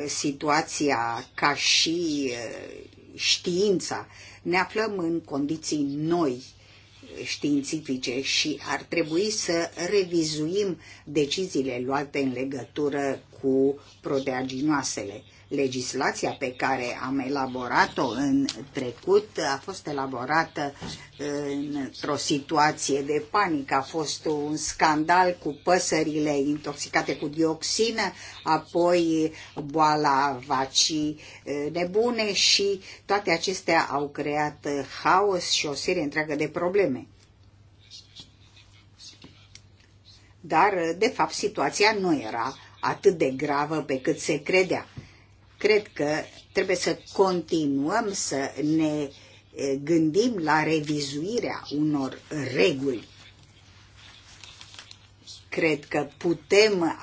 situația ca și uh, știința. Ne aflăm în condiții noi uh, științifice și ar trebui să revizuim deciziile luate în legătură cu proteaginoasele legislația pe care am elaborat-o în trecut a fost elaborată uh, într-o situație de panică. A fost un scandal cu păsările intoxicate cu dioxină, apoi boala vacii uh, nebune și toate acestea au creat uh, haos și o serie întreagă de probleme. Dar, de fapt, situația nu era atât de gravă pe cât se credea. Cred că trebuie să continuăm să ne gândim la revizuirea unor reguli. Cred că putem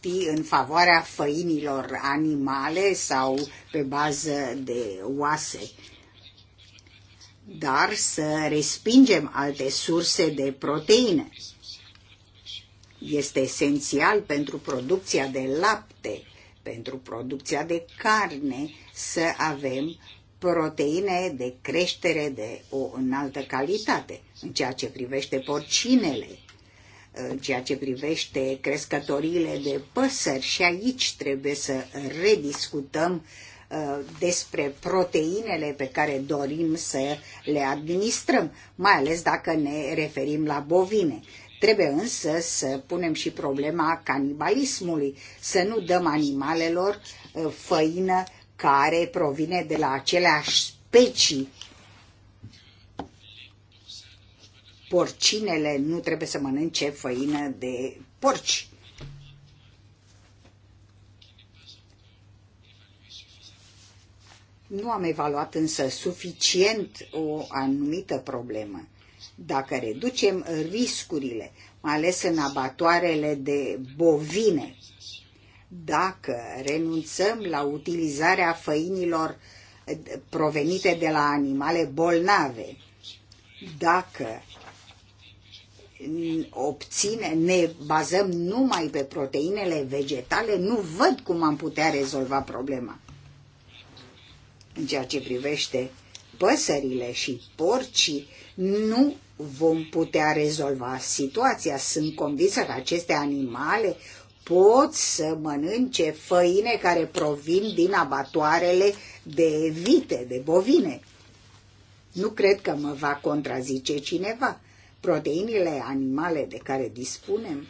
fi în favoarea făinilor animale sau pe bază de oase, dar să respingem alte surse de proteine. Este esențial pentru producția de lapte pentru producția de carne să avem proteine de creștere de o înaltă calitate, în ceea ce privește porcinele, în ceea ce privește crescătorile de păsări și aici trebuie să rediscutăm uh, despre proteinele pe care dorim să le administrăm, mai ales dacă ne referim la bovine. Trebuie însă să punem și problema canibalismului, să nu dăm animalelor uh, făină care provine de la aceleași specii. Porcinele nu trebuie să mănânce făină de porci. Nu am evaluat însă suficient o anumită problemă dacă reducem riscurile, mai ales în abatoarele de bovine, dacă renunțăm la utilizarea făinilor provenite de la animale bolnave, dacă obține, ne bazăm numai pe proteinele vegetale, nu văd cum am putea rezolva problema. În ceea ce privește păsările și porcii, nu vom putea rezolva situația. Sunt convinsă că aceste animale pot să mănânce făine care provin din abatoarele de vite, de bovine. Nu cred că mă va contrazice cineva. Proteinile animale de care dispunem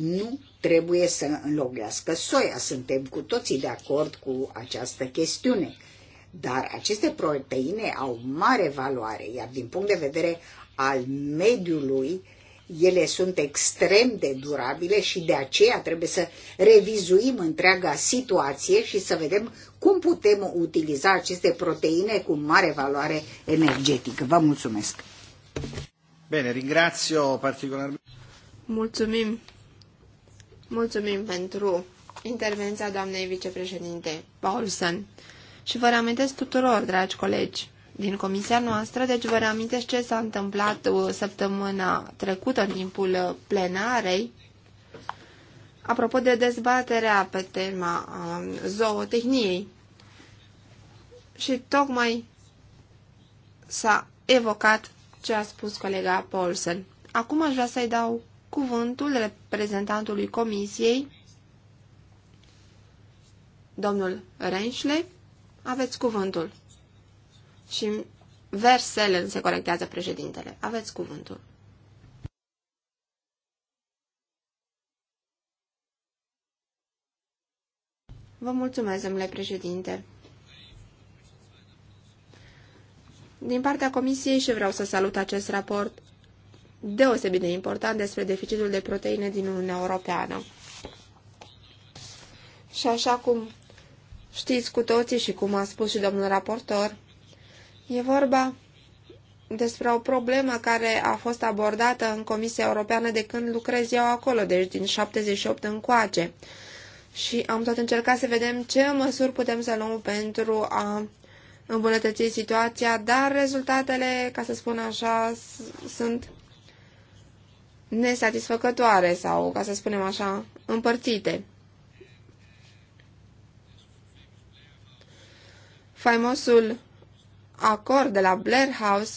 nu trebuie să înlocuiască soia. Suntem cu toții de acord cu această chestiune. Dar aceste proteine au mare valoare, iar din punct de vedere al mediului, ele sunt extrem de durabile și de aceea trebuie să revizuim întreaga situație și să vedem cum putem utiliza aceste proteine cu mare valoare energetică. Vă mulțumesc! Bine, ringrazio particolarmente. Mulțumim! Mulțumim pentru intervenția doamnei vicepreședinte Paulsen. Și vă reamintesc tuturor, dragi colegi, din comisia noastră, deci vă reamintesc ce s-a întâmplat uh, săptămâna trecută în timpul uh, plenarei. Apropo de dezbaterea pe tema um, zootehniei și tocmai s-a evocat ce a spus colega Paulsen. Acum aș vrea să-i dau cuvântul reprezentantului comisiei, domnul Renschle, aveți cuvântul. Și versele se corectează președintele. Aveți cuvântul. Vă mulțumesc, domnule președinte. Din partea Comisiei și vreau să salut acest raport deosebit de important despre deficitul de proteine din Uniunea Europeană. Și așa cum Știți cu toții și cum a spus și domnul raportor, e vorba despre o problemă care a fost abordată în Comisia Europeană de când lucrez eu acolo, deci din 78 încoace. Și am tot încercat să vedem ce măsuri putem să luăm pentru a îmbunătăți situația, dar rezultatele, ca să spun așa, sunt nesatisfăcătoare sau, ca să spunem așa, împărțite. faimosul acord de la Blair House,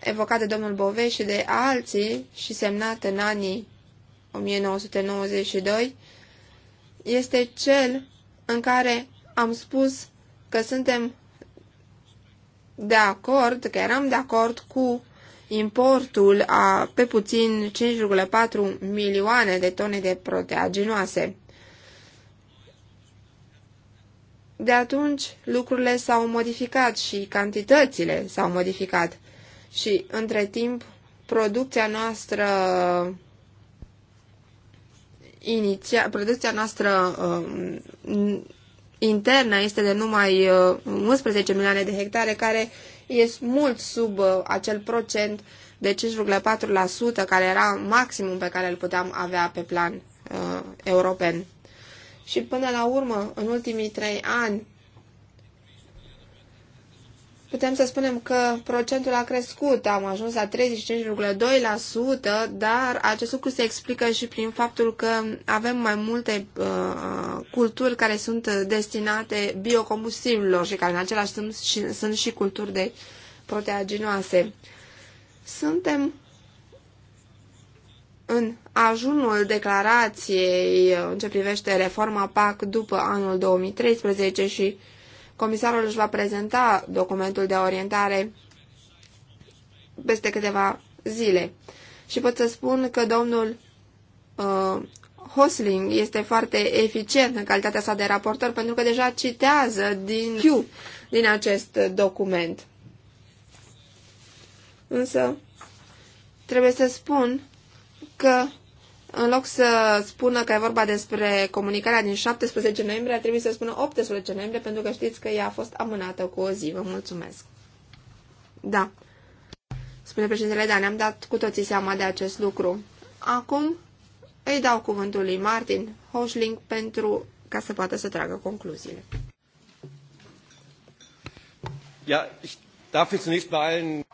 evocat de domnul Bove și de alții și semnat în anii 1992, este cel în care am spus că suntem de acord, că eram de acord cu importul a pe puțin 5,4 milioane de tone de proteaginoase. De atunci lucrurile s-au modificat și cantitățile s-au modificat și între timp producția noastră iniția, producția noastră uh, internă este de numai uh, 11 milioane de hectare, care este mult sub uh, acel procent de 5,4% care era maximum pe care îl puteam avea pe plan uh, european și până la urmă, în ultimii trei ani, putem să spunem că procentul a crescut, am ajuns la 35,2%, dar acest lucru se explică și prin faptul că avem mai multe uh, culturi care sunt destinate biocombustibililor și care în același timp sunt și, sunt și culturi de proteaginoase. Suntem în ajunul declarației în ce privește reforma PAC după anul 2013 și comisarul își va prezenta documentul de orientare peste câteva zile. Și pot să spun că domnul uh, Hosling este foarte eficient în calitatea sa de raportor pentru că deja citează din Q din acest document. Însă trebuie să spun că în loc să spună că e vorba despre comunicarea din 17 noiembrie, ar trebui să spună 18 noiembrie, pentru că știți că ea a fost amânată cu o zi. Vă mulțumesc. Da. Spune președintele, da, ne-am dat cu toții seama de acest lucru. Acum îi dau cuvântul lui Martin Hoșling pentru ca să poată să tragă concluziile. Ja, ich darf jetzt nicht bei allen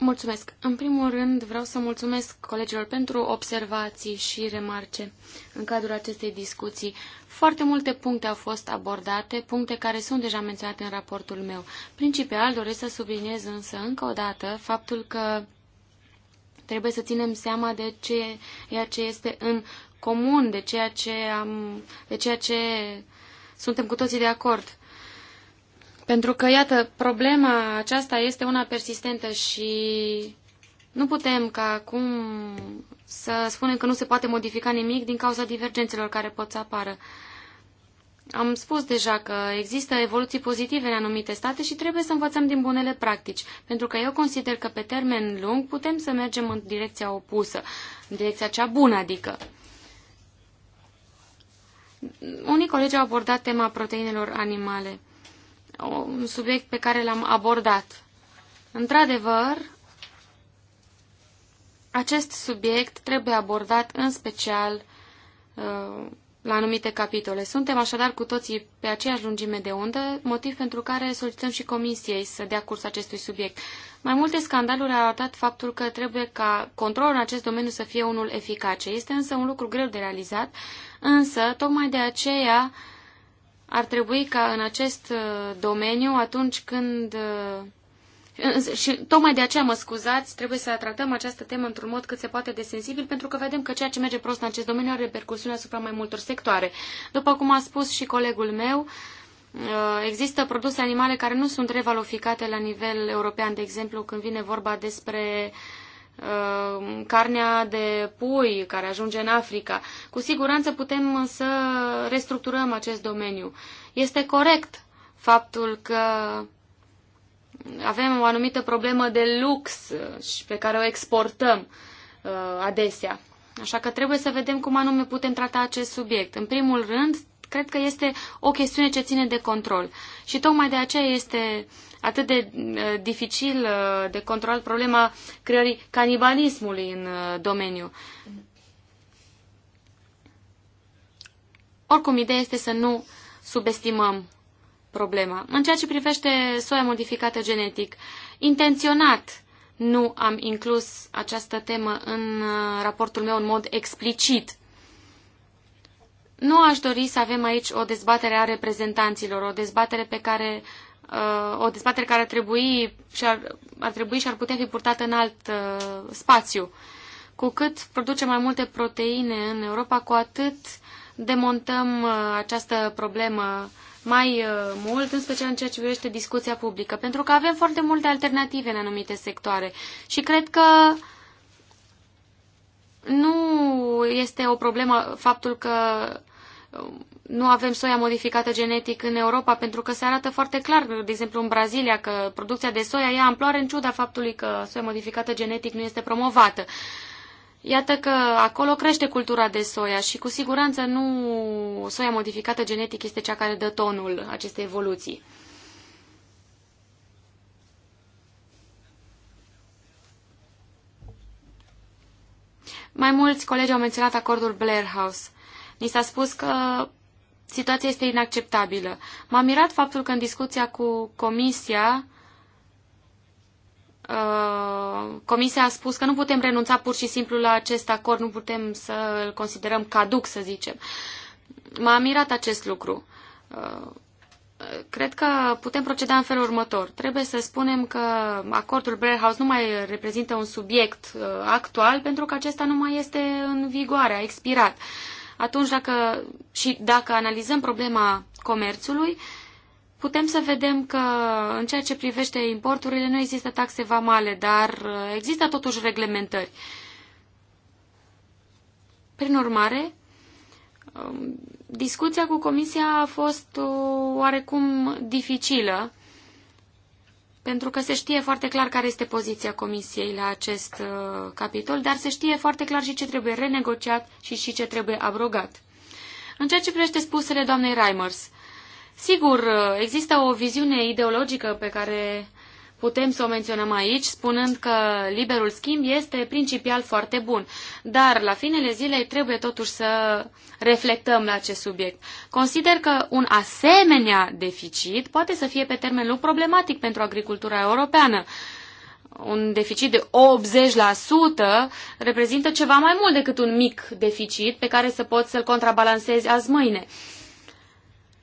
Mulțumesc. În primul rând vreau să mulțumesc colegilor pentru observații și remarce în cadrul acestei discuții. Foarte multe puncte au fost abordate, puncte care sunt deja menționate în raportul meu. Principial doresc să subliniez însă încă o dată faptul că trebuie să ținem seama de ceea ce este în comun, de ceea ce, am, de ceea ce suntem cu toții de acord. Pentru că, iată, problema aceasta este una persistentă și nu putem ca acum să spunem că nu se poate modifica nimic din cauza divergențelor care pot să apară. Am spus deja că există evoluții pozitive în anumite state și trebuie să învățăm din bunele practici, pentru că eu consider că pe termen lung putem să mergem în direcția opusă, în direcția cea bună, adică. Unii colegi au abordat tema proteinelor animale un subiect pe care l-am abordat. Într-adevăr, acest subiect trebuie abordat în special uh, la anumite capitole. Suntem așadar cu toții pe aceeași lungime de undă, motiv pentru care solicităm și Comisiei să dea curs acestui subiect. Mai multe scandaluri au arătat faptul că trebuie ca controlul în acest domeniu să fie unul eficace. Este însă un lucru greu de realizat, însă tocmai de aceea uh, ar trebui ca în acest uh, domeniu, atunci când... Uh, și tocmai de aceea mă scuzați, trebuie să tratăm această temă într-un mod cât se poate de sensibil, pentru că vedem că ceea ce merge prost în acest domeniu are repercusiuni asupra mai multor sectoare. După cum a spus și colegul meu, uh, există produse animale care nu sunt revalorificate la nivel european, de exemplu, când vine vorba despre uh, Uh, carnea de pui care ajunge în Africa. Cu siguranță putem să restructurăm acest domeniu. Este corect faptul că avem o anumită problemă de lux uh, și pe care o exportăm uh, adesea. Așa că trebuie să vedem cum anume putem trata acest subiect. În primul rând, cred că este o chestiune ce ține de control. Și tocmai de aceea este atât de uh, dificil uh, de controlat problema creării canibalismului în uh, domeniu. Oricum, ideea este să nu subestimăm problema. În ceea ce privește soia modificată genetic, intenționat nu am inclus această temă în raportul meu în mod explicit. Nu aș dori să avem aici o dezbatere a reprezentanților, o dezbatere pe care uh, o dezbatere care ar trebui și ar, ar trebui și ar putea fi purtată în alt uh, spațiu. Cu cât producem mai multe proteine în Europa, cu atât demontăm uh, această problemă mai uh, mult, în special în ceea ce privește discuția publică, pentru că avem foarte multe alternative în anumite sectoare și cred că nu este o problemă faptul că nu avem soia modificată genetic în Europa, pentru că se arată foarte clar, de exemplu în Brazilia, că producția de soia ia amploare în ciuda faptului că soia modificată genetic nu este promovată. Iată că acolo crește cultura de soia și cu siguranță nu soia modificată genetic este cea care dă tonul acestei evoluții. Mai mulți colegi au menționat acordul Blair House. Ni s-a spus că situația este inacceptabilă. M-a mirat faptul că în discuția cu comisia, uh, comisia a spus că nu putem renunța pur și simplu la acest acord, nu putem să îl considerăm caduc, să zicem. M-a mirat acest lucru. Uh, cred că putem proceda în felul următor. Trebuie să spunem că acordul Blair House nu mai reprezintă un subiect uh, actual pentru că acesta nu mai este în vigoare, a expirat atunci dacă, și dacă analizăm problema comerțului, putem să vedem că în ceea ce privește importurile nu există taxe vamale, dar uh, există totuși reglementări. Prin urmare, um, discuția cu Comisia a fost uh, oarecum dificilă pentru că se știe foarte clar care este poziția Comisiei la acest uh, capitol, dar se știe foarte clar și ce trebuie renegociat și și ce trebuie abrogat. În ceea ce privește spusele doamnei Reimers, sigur, uh, există o viziune ideologică pe care putem să o menționăm aici, spunând că liberul schimb este principial foarte bun, dar la finele zilei trebuie totuși să reflectăm la acest subiect. Consider că un asemenea deficit poate să fie pe termen lung problematic pentru agricultura europeană. Un deficit de 80% reprezintă ceva mai mult decât un mic deficit pe care să poți să-l contrabalancezi azi mâine.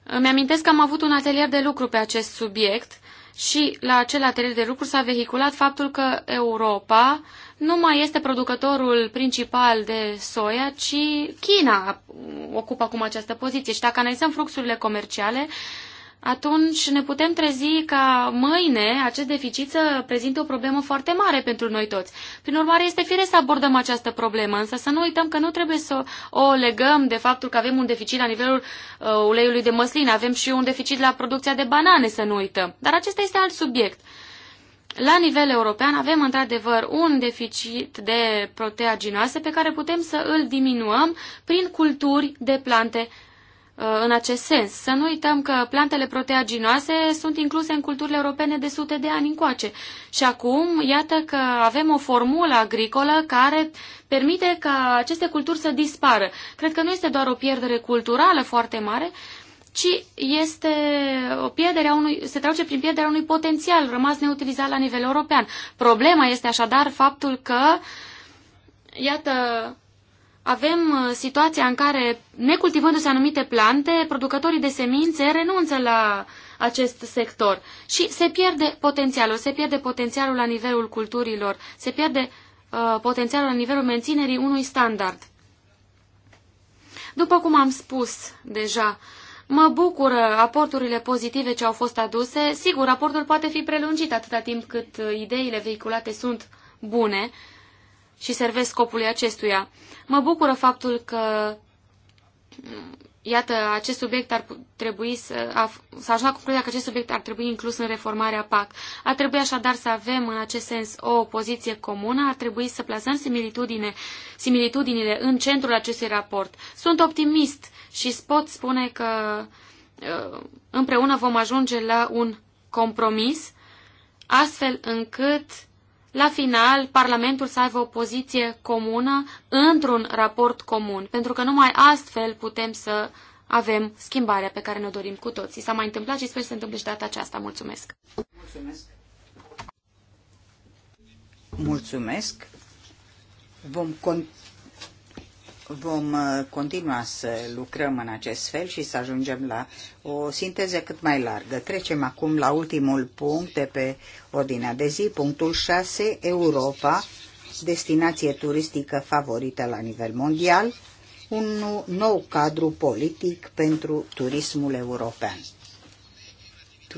Îmi amintesc că am avut un atelier de lucru pe acest subiect și la acel atelier de lucru s-a vehiculat faptul că Europa nu mai este producătorul principal de soia, ci China ocupă acum această poziție. Și dacă analizăm fluxurile comerciale, atunci ne putem trezi ca mâine acest deficit să prezinte o problemă foarte mare pentru noi toți. Prin urmare, este fire să abordăm această problemă, însă să nu uităm că nu trebuie să o legăm de faptul că avem un deficit la nivelul uh, uleiului de măsline, avem și un deficit la producția de banane, să nu uităm. Dar acesta este alt subiect. La nivel european avem într-adevăr un deficit de proteaginoase pe care putem să îl diminuăm prin culturi de plante Uh, în acest sens. Să nu uităm că plantele proteaginoase sunt incluse în culturile europene de sute de ani încoace. Și acum, iată că avem o formulă agricolă care permite ca aceste culturi să dispară. Cred că nu este doar o pierdere culturală foarte mare, ci este o pierdere a unui, se trece prin pierderea unui potențial rămas neutilizat la nivel european. Problema este așadar faptul că, iată, avem uh, situația în care, necultivându-se anumite plante, producătorii de semințe renunță la acest sector și se pierde potențialul, se pierde potențialul la nivelul culturilor, se pierde uh, potențialul la nivelul menținerii unui standard. După cum am spus deja, mă bucură uh, aporturile pozitive ce au fost aduse. Sigur, aportul poate fi prelungit atâta timp cât uh, ideile vehiculate sunt bune, uh, și servesc scopului acestuia. Mă bucură faptul că, iată, acest subiect ar trebui să, a, s-a ajuns la concluzia că acest subiect ar trebui inclus în reformarea PAC. Ar trebui așadar să avem în acest sens o poziție comună, ar trebui să plasăm similitudine, similitudinile în centrul acestui raport. Sunt optimist și pot spune că ă, împreună vom ajunge la un compromis, astfel încât la final Parlamentul să aibă o poziție comună într-un raport comun, pentru că numai astfel putem să avem schimbarea pe care ne dorim cu toții. S-a mai întâmplat și sper să se întâmple și data aceasta. Mulțumesc! Mulțumesc! Mulțumesc! Vom continua Vom uh, continua să lucrăm în acest fel și să ajungem la o sinteză cât mai largă. Trecem acum la ultimul punct de pe ordinea de zi, punctul 6, Europa, destinație turistică favorită la nivel mondial, un nou cadru politic pentru turismul european.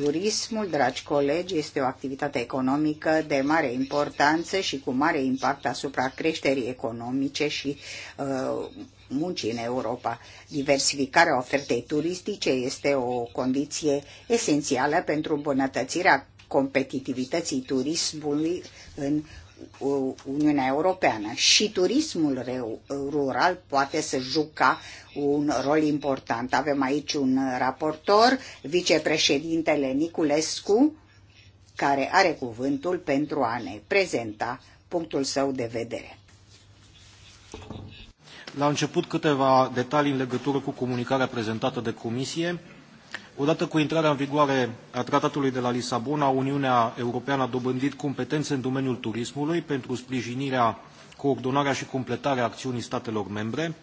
Turismul, dragi colegi, este o activitate economică de mare importanță și cu mare impact asupra creșterii economice și uh, muncii în Europa. Diversificarea ofertei turistice este o condiție esențială pentru îmbunătățirea competitivității turismului în Uniunea Europeană și turismul rural poate să juca un rol important. Avem aici un raportor, vicepreședintele Niculescu, care are cuvântul pentru a ne prezenta punctul său de vedere. La început câteva detalii în legătură cu comunicarea prezentată de Comisie. Odată cu intrarea în vigoare a Tratatului de la Lisabona, Uniunea Europeană a dobândit competențe în domeniul turismului pentru sprijinirea, coordonarea și completarea acțiunii statelor membre.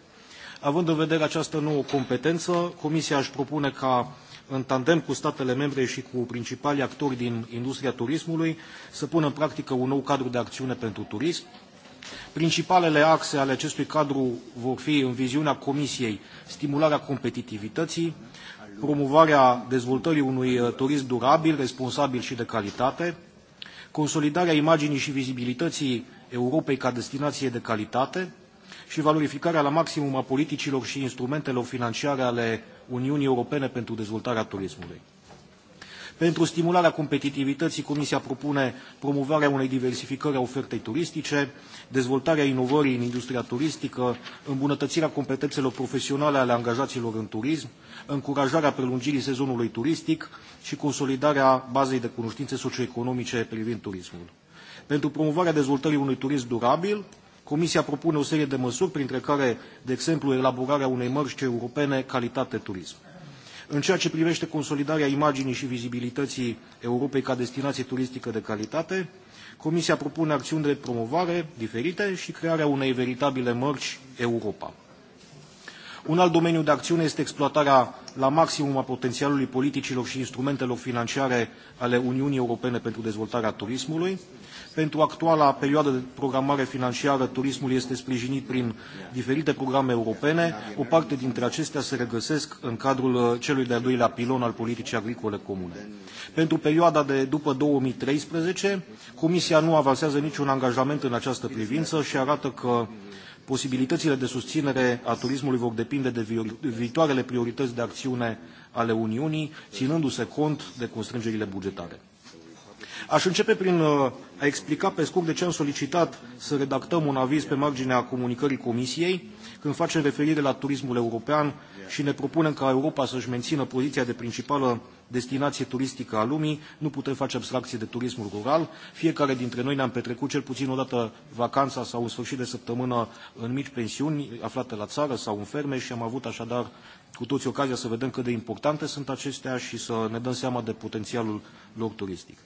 Având în vedere această nouă competență, Comisia își propune ca, în tandem cu statele membre și cu principalii actori din industria turismului, să pună în practică un nou cadru de acțiune pentru turism. Principalele axe ale acestui cadru vor fi, în viziunea Comisiei, stimularea competitivității, promovarea dezvoltării unui uh, turism durabil, responsabil și de calitate, consolidarea imaginii și vizibilității Europei ca destinație de calitate și valorificarea la maximum a politicilor și instrumentelor financiare ale Uniunii Europene pentru dezvoltarea turismului. Pentru stimularea competitivității, Comisia propune promovarea unei diversificări a ofertei turistice, dezvoltarea inovării în industria turistică, îmbunătățirea competențelor profesionale ale angajaților în turism, încurajarea prelungirii sezonului turistic și consolidarea bazei de cunoștințe socioeconomice privind turismul. Pentru promovarea dezvoltării unui turism durabil, Comisia propune o serie de măsuri, printre care, de exemplu, elaborarea unei mărci europene calitate turism. În ceea ce privește consolidarea imaginii și vizibilității Europei ca destinație turistică de calitate, Comisia propune acțiuni de promovare diferite și crearea unei veritabile mărci Europa. Un alt domeniu de acțiune este exploatarea la maximum a potențialului politicilor și instrumentelor financiare ale Uniunii Europene pentru dezvoltarea turismului. Pentru actuala perioadă de programare financiară, turismul este sprijinit prin diferite programe europene. O parte dintre acestea se regăsesc în cadrul uh, celui de-al doilea pilon al politicii agricole comune. Pentru perioada de după 2013, Comisia nu avansează niciun angajament în această privință și arată că posibilitățile de susținere a turismului vor depinde de viitoarele priorități de acțiune ale Uniunii, ținându-se cont de constrângerile bugetare. Aș începe prin uh, a explica pe scurt de ce am solicitat să redactăm un aviz pe marginea comunicării Comisiei, când facem referire la turismul european și ne propunem ca Europa să-și mențină poziția de principală destinație turistică a lumii, nu putem face abstracție de turismul rural. Fiecare dintre noi ne-am petrecut cel puțin o dată vacanța sau un sfârșit de săptămână în mici pensiuni aflate la țară sau în ferme și am avut așadar cu toți ocazia să vedem cât de importante sunt acestea și să ne dăm seama de potențialul lor turistic.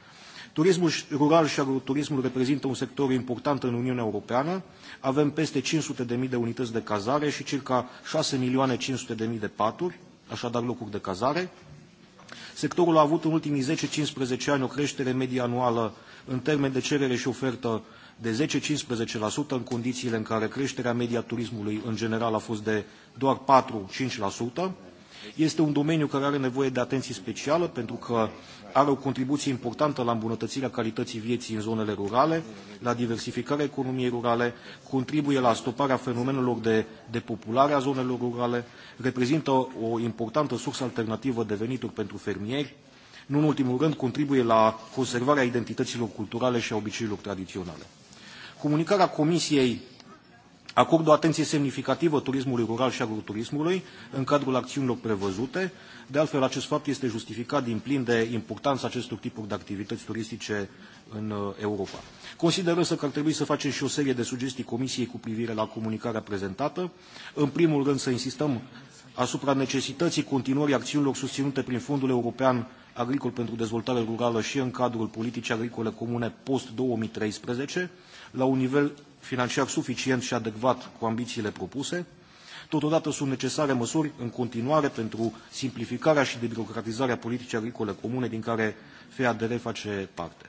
Turismul rural și agroturismul reprezintă un sector important în Uniunea Europeană. Avem peste 500.000 de unități de cazare și circa 6.500.000 de paturi, așadar locuri de cazare. Sectorul a avut în ultimii 10-15 ani o creștere medie anuală în termen de cerere și ofertă de 10-15% în condițiile în care creșterea media turismului în general a fost de doar 4-5%. Este un domeniu care are nevoie de atenție specială pentru că are o contribuție importantă la îmbunătățirea calității vieții în zonele rurale, la diversificarea economiei rurale, contribuie la stoparea fenomenelor de depopulare a zonelor rurale, reprezintă o importantă sursă alternativă de venituri pentru fermieri, nu în ultimul rând contribuie la conservarea identităților culturale și a obiceiurilor tradiționale. Comunicarea Comisiei Acord o atenție semnificativă turismului rural și agroturismului în cadrul acțiunilor prevăzute. De altfel, acest fapt este justificat din plin de importanța acestor tipuri de activități turistice în uh, Europa. Consider însă că ar trebui să facem și o serie de sugestii Comisiei cu privire la comunicarea prezentată. În primul rând să insistăm asupra necesității continuării acțiunilor susținute prin Fondul European Agricol pentru Dezvoltare Rurală și în cadrul politicii agricole comune post-2013, la un nivel financiar suficient și adecvat cu ambițiile propuse. Totodată sunt necesare măsuri în continuare pentru simplificarea și debirocratizarea politicii agricole comune din care FEADR face parte.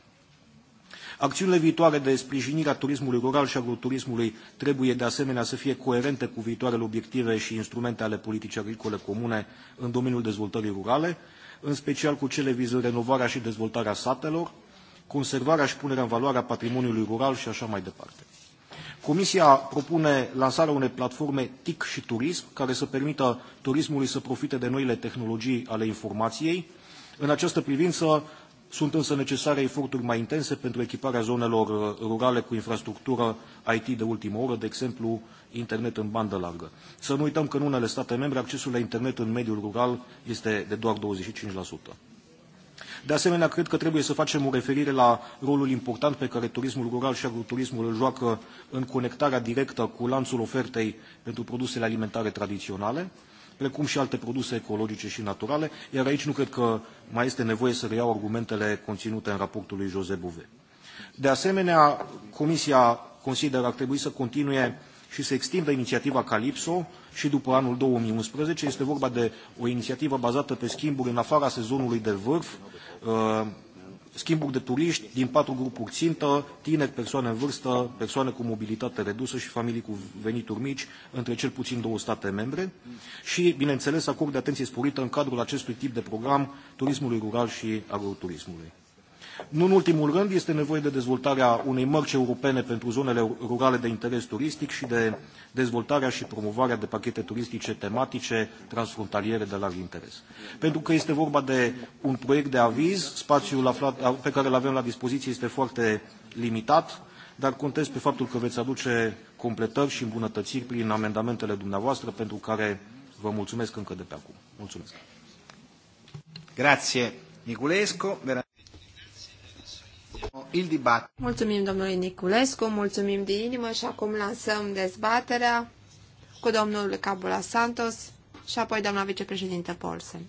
Acțiunile viitoare de sprijinire a turismului rural și agroturismului trebuie de asemenea să fie coerente cu viitoarele obiective și instrumente ale politicii agricole comune în domeniul dezvoltării rurale, în special cu cele vizând renovarea și dezvoltarea satelor, conservarea și punerea în valoare a patrimoniului rural și așa mai departe. Comisia propune lansarea unei platforme TIC și turism, care să permită turismului să profite de noile tehnologii ale informației. În această privință, sunt însă necesare eforturi mai intense pentru echiparea zonelor uh, rurale cu infrastructură IT de ultimă oră, de exemplu internet în bandă largă. Să nu uităm că în unele state membre accesul la internet în mediul rural este de doar 25%. De asemenea, cred că trebuie să facem o referire la rolul important pe care turismul rural și agroturismul îl joacă în conectarea directă cu lanțul ofertei pentru produsele alimentare tradiționale precum și alte produse ecologice și naturale, iar aici nu cred că mai este nevoie să reiau argumentele conținute în raportul lui Jose Bouvet. De asemenea, Comisia consideră că ar trebui să continue și să extindă inițiativa Calypso și după anul 2011. Este vorba de o inițiativă bazată pe schimburi în afara sezonului de vârf, uh, schimburi de turiști din patru grupuri țintă, tineri, persoane în vârstă, persoane cu mobilitate redusă și familii cu venituri mici, între cel puțin două state membre și, bineînțeles, acord de atenție sporită în cadrul acestui tip de program turismului rural și agroturismului. Nu în ultimul rând, este nevoie de dezvoltarea unei mărci europene pentru zonele rurale de interes turistic și de dezvoltarea și promovarea de pachete turistice tematice transfrontaliere de larg interes. Pentru că este vorba de un proiect de aviz, spațiul aflat, pe care îl avem la dispoziție este foarte limitat, dar contez pe faptul că veți aduce completări și îmbunătățiri prin amendamentele dumneavoastră, pentru care vă mulțumesc încă de pe acum. Mulțumesc! Grazie, Niculescu. Mulțumim domnului Niculescu, mulțumim din inimă și acum lansăm dezbaterea cu domnul Cabula Santos și apoi doamna vicepreședintă Paulsen.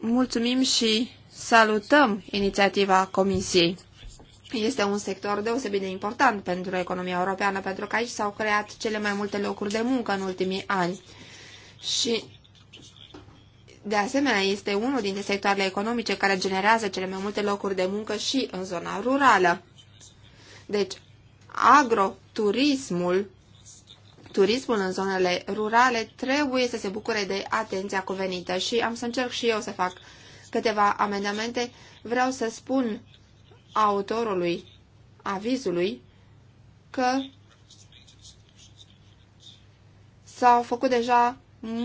Mulțumim și salutăm inițiativa Comisiei. Este un sector deosebit de important pentru economia europeană, pentru că aici s-au creat cele mai multe locuri de muncă în ultimii ani. Și, de asemenea, este unul dintre sectoarele economice care generează cele mai multe locuri de muncă și în zona rurală. Deci, agroturismul, turismul în zonele rurale trebuie să se bucure de atenția cuvenită și am să încerc și eu să fac câteva amendamente. Vreau să spun autorului avizului că s-au făcut deja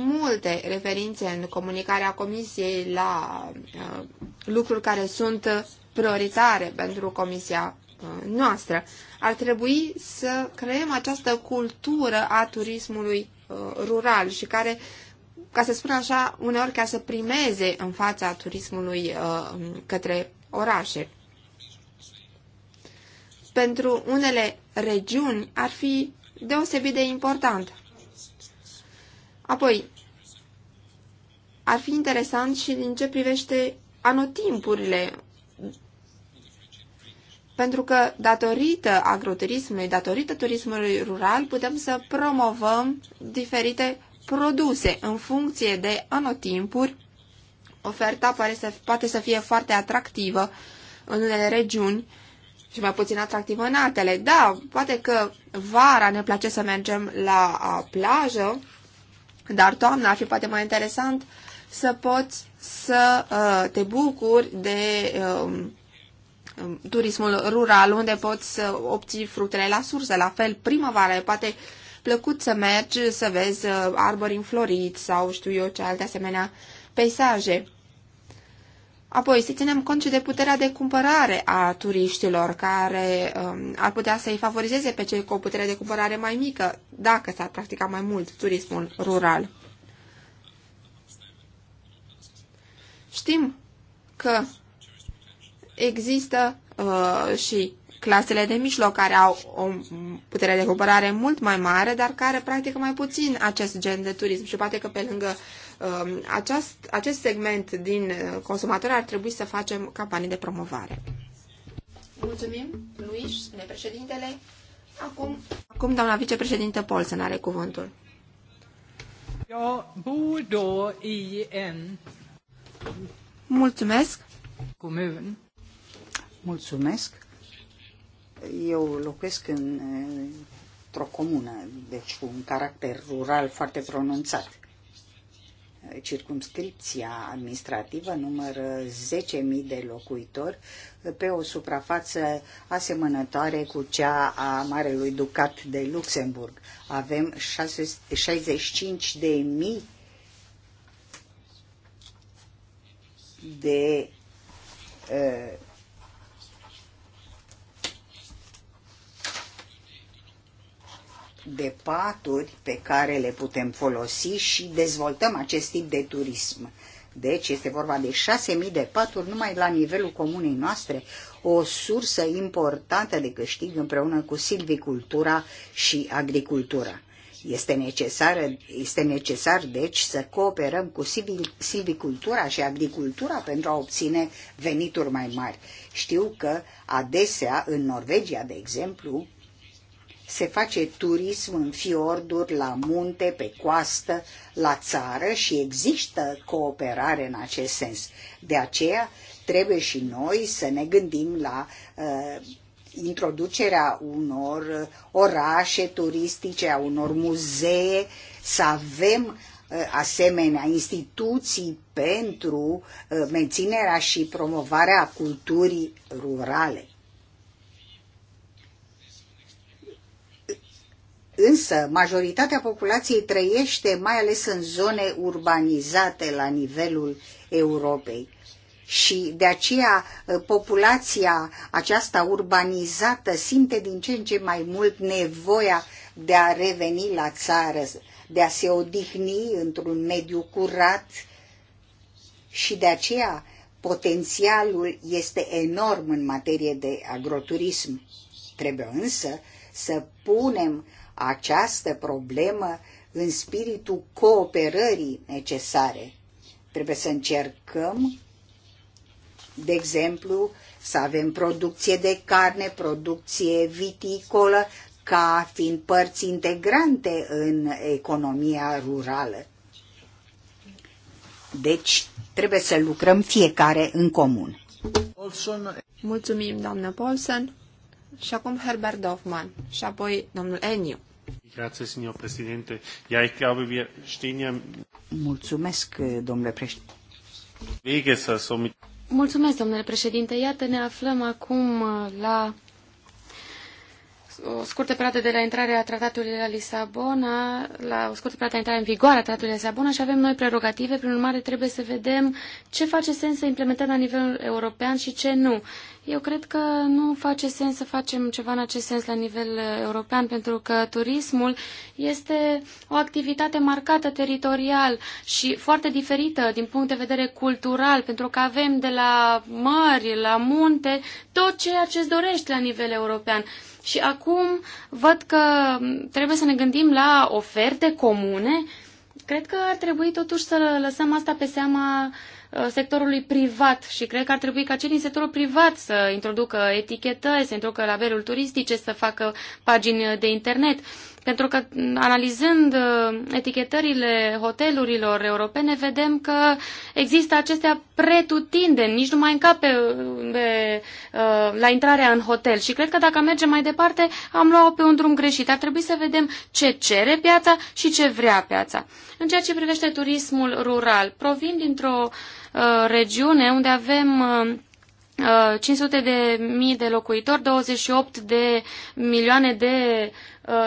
multe referințe în comunicarea Comisiei la uh, lucruri care sunt prioritare pentru Comisia uh, noastră. Ar trebui să creăm această cultură a turismului uh, rural și care, ca să spun așa, uneori ca să primeze în fața turismului uh, către orașe pentru unele regiuni ar fi deosebit de important. Apoi, ar fi interesant și din ce privește anotimpurile, pentru că datorită agroturismului, datorită turismului rural, putem să promovăm diferite produse în funcție de anotimpuri. Oferta pare să, poate să fie foarte atractivă în unele regiuni, și mai puțin atractivă în altele. Da, poate că vara ne place să mergem la a, plajă, dar toamna ar fi poate mai interesant să poți să a, te bucuri de a, um, turismul rural, unde poți să obții fructele la sursă. La fel, primăvara e poate plăcut să mergi, să vezi arbori înfloriți sau știu eu ce alte asemenea peisaje. Apoi, să ținem cont și de puterea de cumpărare a turiștilor, care um, ar putea să-i favorizeze pe cei cu o putere de cumpărare mai mică, dacă s-ar practica mai mult turismul rural. Știm că există uh, și clasele de mijloc care au o putere de cumpărare mult mai mare, dar care practică mai puțin acest gen de turism și poate că pe lângă Um, aceast, acest segment din uh, consumatori ar trebui să facem campanii de promovare. Mulțumim, Luis, spune președintele. Acum, acum doamna vicepreședinte Polsen are cuvântul. bor Mulțumesc. Mulțumesc. Eu locuiesc în, într-o comună, deci cu un caracter rural foarte pronunțat circumscripția administrativă numără 10.000 de locuitori pe o suprafață asemănătoare cu cea a Marelui Ducat de Luxemburg. Avem 65.000 de uh, de paturi pe care le putem folosi și dezvoltăm acest tip de turism. Deci este vorba de 6.000 de paturi numai la nivelul comunei noastre, o sursă importantă de câștig împreună cu silvicultura și agricultura. Este necesar, este necesar, deci, să cooperăm cu silvicultura și agricultura pentru a obține venituri mai mari. Știu că adesea, în Norvegia, de exemplu, se face turism în fiorduri, la munte, pe coastă, la țară și există cooperare în acest sens. De aceea trebuie și noi să ne gândim la uh, introducerea unor orașe turistice, a unor muzee, să avem uh, asemenea instituții pentru uh, menținerea și promovarea culturii rurale. Însă, majoritatea populației trăiește mai ales în zone urbanizate la nivelul Europei. Și de aceea ă, populația aceasta urbanizată simte din ce în ce mai mult nevoia de a reveni la țară, de a se odihni într-un mediu curat și de aceea potențialul este enorm în materie de agroturism. Trebuie însă să punem această problemă în spiritul cooperării necesare. Trebuie să încercăm, de exemplu, să avem producție de carne, producție viticolă, ca fiind părți integrante în economia rurală. Deci, trebuie să lucrăm fiecare în comun. Mulțumim, doamnă Paulsen și acum Herbert Dorfman și apoi domnul Eniu. Grazie, signor Ja, ich glaube, wir stehen ja... Mulțumesc, domnule președinte. Mulțumesc, domnule președinte. Iată, ne aflăm acum la o scurtă perioadă de la intrarea tratatului la Lisabona, la o scurtă perioadă de intrare în vigoare a tratatului la Lisabona și avem noi prerogative, prin urmare trebuie să vedem ce face sens să implementăm la nivel european și ce nu. Eu cred că nu face sens să facem ceva în acest sens la nivel uh, european, pentru că turismul este o activitate marcată teritorial și foarte diferită din punct de vedere cultural, pentru că avem de la mări, la munte, tot ceea ce îți dorești la nivel european. Și acum văd că mm, trebuie să ne gândim la oferte comune. Cred că ar trebui totuși să lăsăm asta pe seama Uh, sectorului privat și cred că ar trebui ca cei din sectorul privat să introducă etichetări, să introducă labeluri turistice, să facă pagini de internet. Pentru că analizând uh, etichetările hotelurilor europene, vedem că există acestea pretutindeni, nici nu mai încape pe, uh, la intrarea în hotel. Și cred că dacă mergem mai departe, am luat-o pe un drum greșit. Ar trebui să vedem ce cere piața și ce vrea piața. În ceea ce privește turismul rural, provin dintr-o uh, Uh, regiune unde avem 500 uh, uh, de mii de locuitori, 28 de milioane de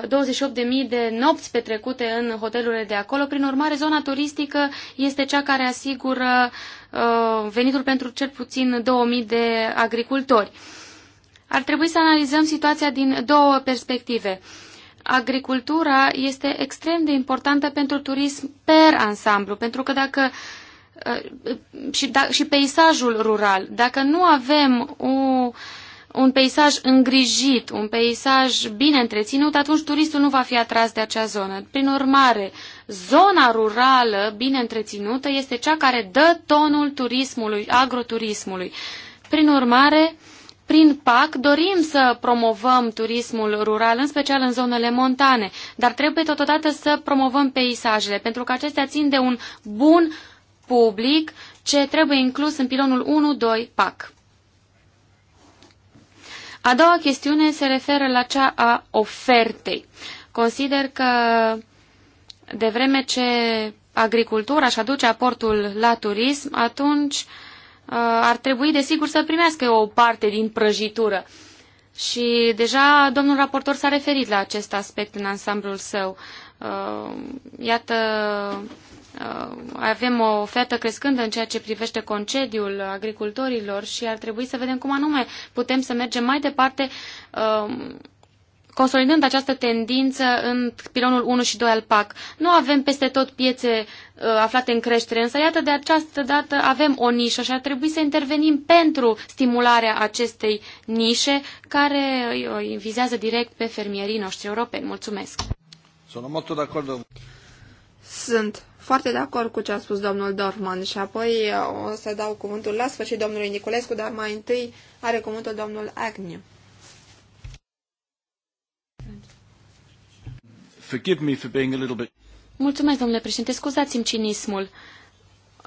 28 de mii de nopți petrecute în hotelurile de acolo. Prin urmare, zona turistică este cea care asigură venitul pentru cel puțin 2000 de agricultori. Ar trebui să analizăm situația din două perspective. Agricultura este extrem de importantă pentru turism per ansamblu, pentru că dacă uh, și, da, și peisajul rural. Dacă nu avem o, un peisaj îngrijit, un peisaj bine întreținut, atunci turistul nu va fi atras de acea zonă. Prin urmare, zona rurală bine întreținută este cea care dă tonul turismului, agroturismului. Prin urmare, prin PAC dorim să promovăm turismul rural, în special în zonele montane, dar trebuie totodată să promovăm peisajele, pentru că acestea țin de un bun public ce trebuie inclus în pilonul 1-2 PAC. A doua chestiune se referă la cea a ofertei. Consider că de vreme ce agricultura își aduce aportul la turism, atunci uh, ar trebui, desigur, să primească o parte din prăjitură. Și deja domnul raportor s-a referit la acest aspect în ansamblul său. Uh, iată Uh, avem o ofertă crescândă în ceea ce privește concediul agricultorilor și ar trebui să vedem cum anume putem să mergem mai departe um, consolidând această tendință în pilonul 1 și 2 al PAC. Nu avem peste tot piețe uh, aflate în creștere, însă iată de această dată avem o nișă și ar trebui să intervenim pentru stimularea acestei nișe care uh, vizează direct pe fermierii noștri europeni. Mulțumesc! Sunt molto d'accordo. Sunt foarte de acord cu ce a spus domnul Dorman și apoi uh, o să dau cuvântul la sfârșit domnului Niculescu, dar mai întâi are cuvântul domnul Agnew. Forgive me for being a little bit... Mulțumesc, domnule președinte. Scuzați-mi cinismul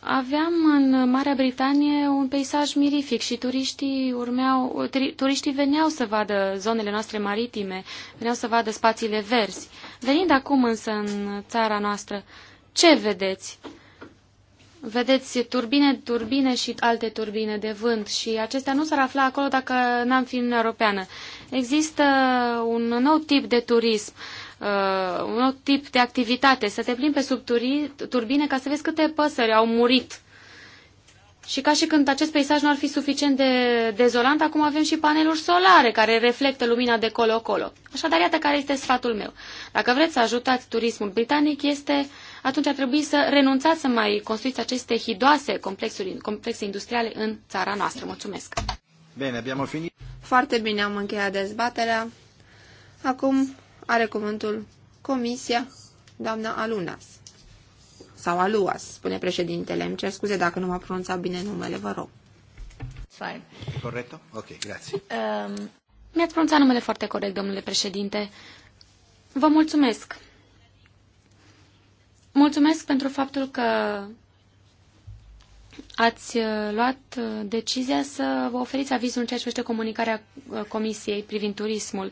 aveam în Marea Britanie un peisaj mirific și turiștii, urmeau, turiștii veneau să vadă zonele noastre maritime, veneau să vadă spațiile verzi. Venind acum însă în țara noastră, ce vedeți? Vedeți turbine, turbine și alte turbine de vânt și acestea nu s-ar afla acolo dacă n-am fi în Europeană. Există un nou tip de turism uh, un nou tip de activitate, să te plimbi pe sub turbine ca să vezi câte păsări au murit. Și ca și când acest peisaj nu ar fi suficient de dezolant, acum avem și paneluri solare care reflectă lumina de colo-colo. Așadar, iată care este sfatul meu. Dacă vreți să ajutați turismul britanic, este atunci ar trebui să renunțați să mai construiți aceste hidoase complexuri, complexe industriale în țara noastră. Mulțumesc! Bine, abbiamo finit. Foarte bine am încheiat dezbaterea. Acum are cuvântul Comisia, doamna Alunas. Sau Aluas, spune președintele. Îmi cer scuze dacă nu m-a pronunțat bine numele, vă rog. Fine. Ok, grazie. Um, mi-ați pronunțat numele foarte corect, domnule președinte. Vă mulțumesc. Mulțumesc pentru faptul că ați uh, luat uh, decizia să vă oferiți avizul în ceea ce privește comunicarea uh, Comisiei privind turismul. Uh,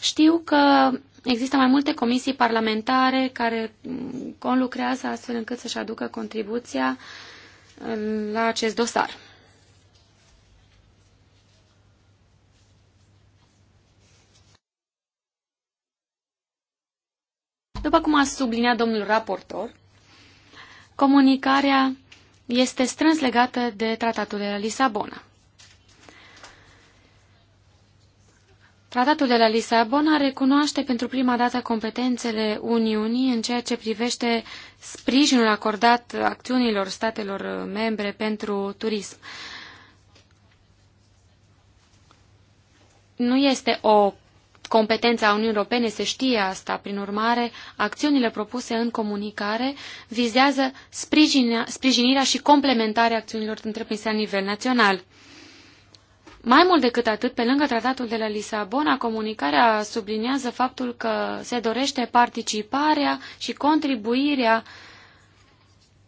știu că există mai multe comisii parlamentare care mm, conlucrează astfel încât să-și aducă contribuția mm, la acest dosar. După cum a subliniat domnul raportor, comunicarea este strâns legată de tratatul de la Lisabona. Tratatul de la Lisabona recunoaște pentru prima dată competențele Uniunii în ceea ce privește sprijinul acordat acțiunilor statelor uh, membre pentru turism. Nu este o competență a Uniunii Europene, se știe asta. Prin urmare, acțiunile propuse în comunicare vizează sprijinirea și complementarea acțiunilor întreprinse la nivel național. Mai mult decât atât, pe lângă tratatul de la Lisabona, comunicarea subliniază faptul că se dorește participarea și contribuirea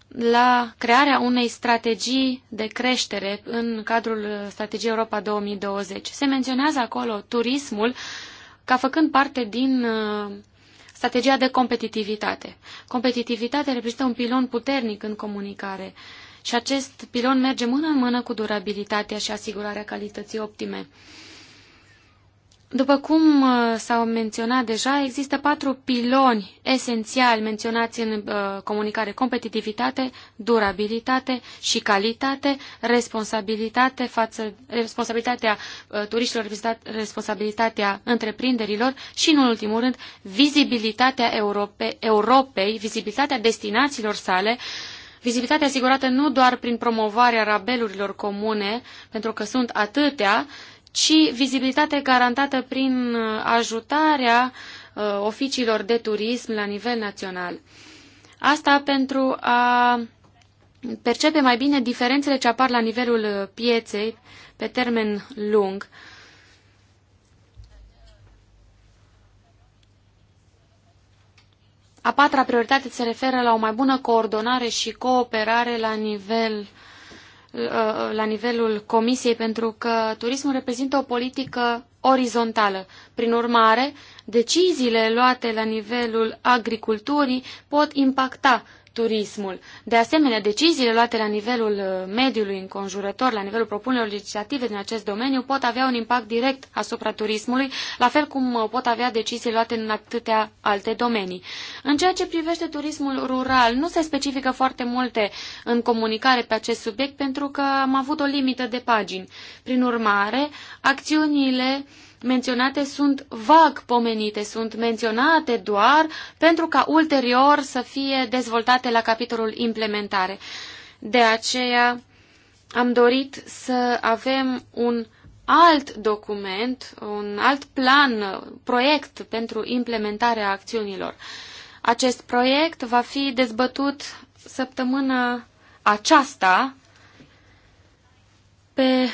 la crearea unei strategii de creștere în cadrul strategiei Europa 2020. Se menționează acolo turismul ca făcând parte din uh, strategia de competitivitate. Competitivitatea reprezintă un pilon puternic în comunicare. Uh, și acest pilon merge mână în mână cu durabilitatea și asigurarea calității optime. După cum uh, s-au menționat deja, există patru piloni esențiali menționați în uh, comunicare. Competitivitate, durabilitate și calitate, responsabilitate față, responsabilitatea uh, turiștilor, responsabilitatea întreprinderilor și, în ultimul rând, vizibilitatea Europe, Europei, vizibilitatea destinațiilor sale, uh, Vizibilitate asigurată nu doar prin promovarea rabelurilor comune, pentru că sunt atâtea, ci vizibilitate garantată prin uh, ajutarea uh, oficiilor de turism la nivel național. Asta pentru a percepe mai bine diferențele ce apar la nivelul uh, pieței pe termen lung. A patra prioritate se referă la o mai bună coordonare și cooperare la nivel uh, la nivelul Comisiei, pentru că turismul reprezintă o politică orizontală. Prin urmare, deciziile luate la nivelul agriculturii pot impacta turismul. De asemenea, deciziile luate la nivelul uh, mediului înconjurător, la nivelul propunerilor legislative din acest domeniu, pot avea un impact direct asupra turismului, la fel cum uh, pot avea decizii luate în atâtea alte domenii. În ceea ce privește turismul rural, nu se specifică foarte multe în comunicare pe acest subiect, pentru că am avut o limită de pagini. Prin urmare, acțiunile uh, menționate sunt vag pomenite, sunt menționate doar pentru ca ulterior să fie dezvoltate la capitolul implementare. De aceea am dorit să avem un alt document, un alt plan, proiect pentru implementarea acțiunilor. Acest proiect va fi dezbătut săptămâna aceasta pe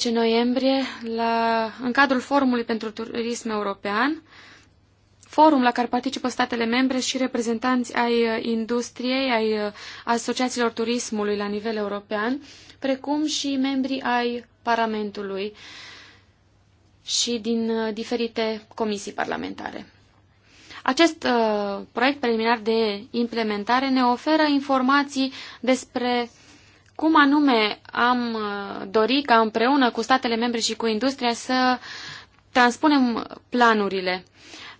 18-19 noiembrie, la, în cadrul Forumului pentru Turism European, forum la care participă statele membre și reprezentanți ai uh, industriei, ai uh, asociațiilor turismului la nivel european, precum și membrii ai Parlamentului și din uh, diferite comisii parlamentare. Acest uh, proiect preliminar de implementare ne oferă informații despre cum anume am uh, dori ca împreună cu statele membre și cu industria să transpunem planurile.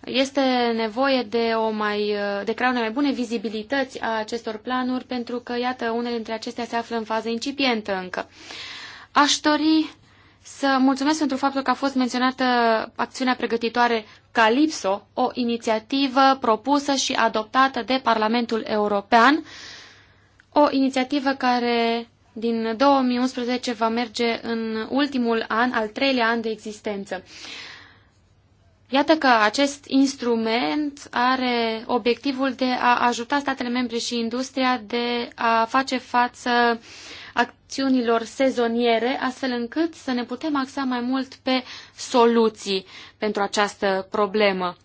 Este nevoie de, o mai, uh, de crea mai bune vizibilități a acestor planuri, pentru că, iată, unele dintre acestea se află în fază incipientă încă. Aș dori să mulțumesc pentru faptul că a fost menționată acțiunea pregătitoare Calypso, o inițiativă propusă și adoptată de Parlamentul European, o inițiativă care din 2011 va merge în ultimul an, al treilea an de existență. Iată că acest instrument are obiectivul de a ajuta statele membre și industria de a face față acțiunilor sezoniere, astfel încât să ne putem axa mai mult pe soluții pentru această problemă.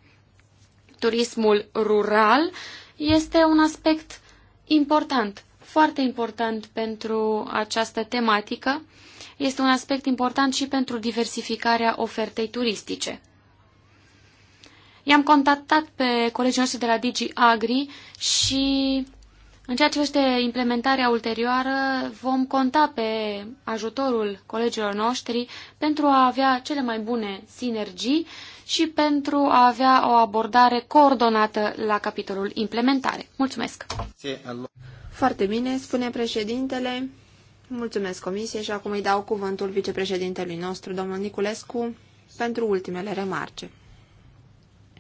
Turismul rural este un aspect important foarte important pentru această tematică. Este un aspect important și pentru diversificarea ofertei turistice. I-am contactat pe colegii noștri de la Digi Agri și în ceea ce este implementarea ulterioară, vom conta pe ajutorul colegilor noștri pentru a avea cele mai bune sinergii și pentru a avea o abordare coordonată la capitolul implementare. Mulțumesc! Foarte bine, spune președintele. Mulțumesc comisie și acum îi dau cuvântul vicepreședintelui nostru, domnul Niculescu, pentru ultimele remarce.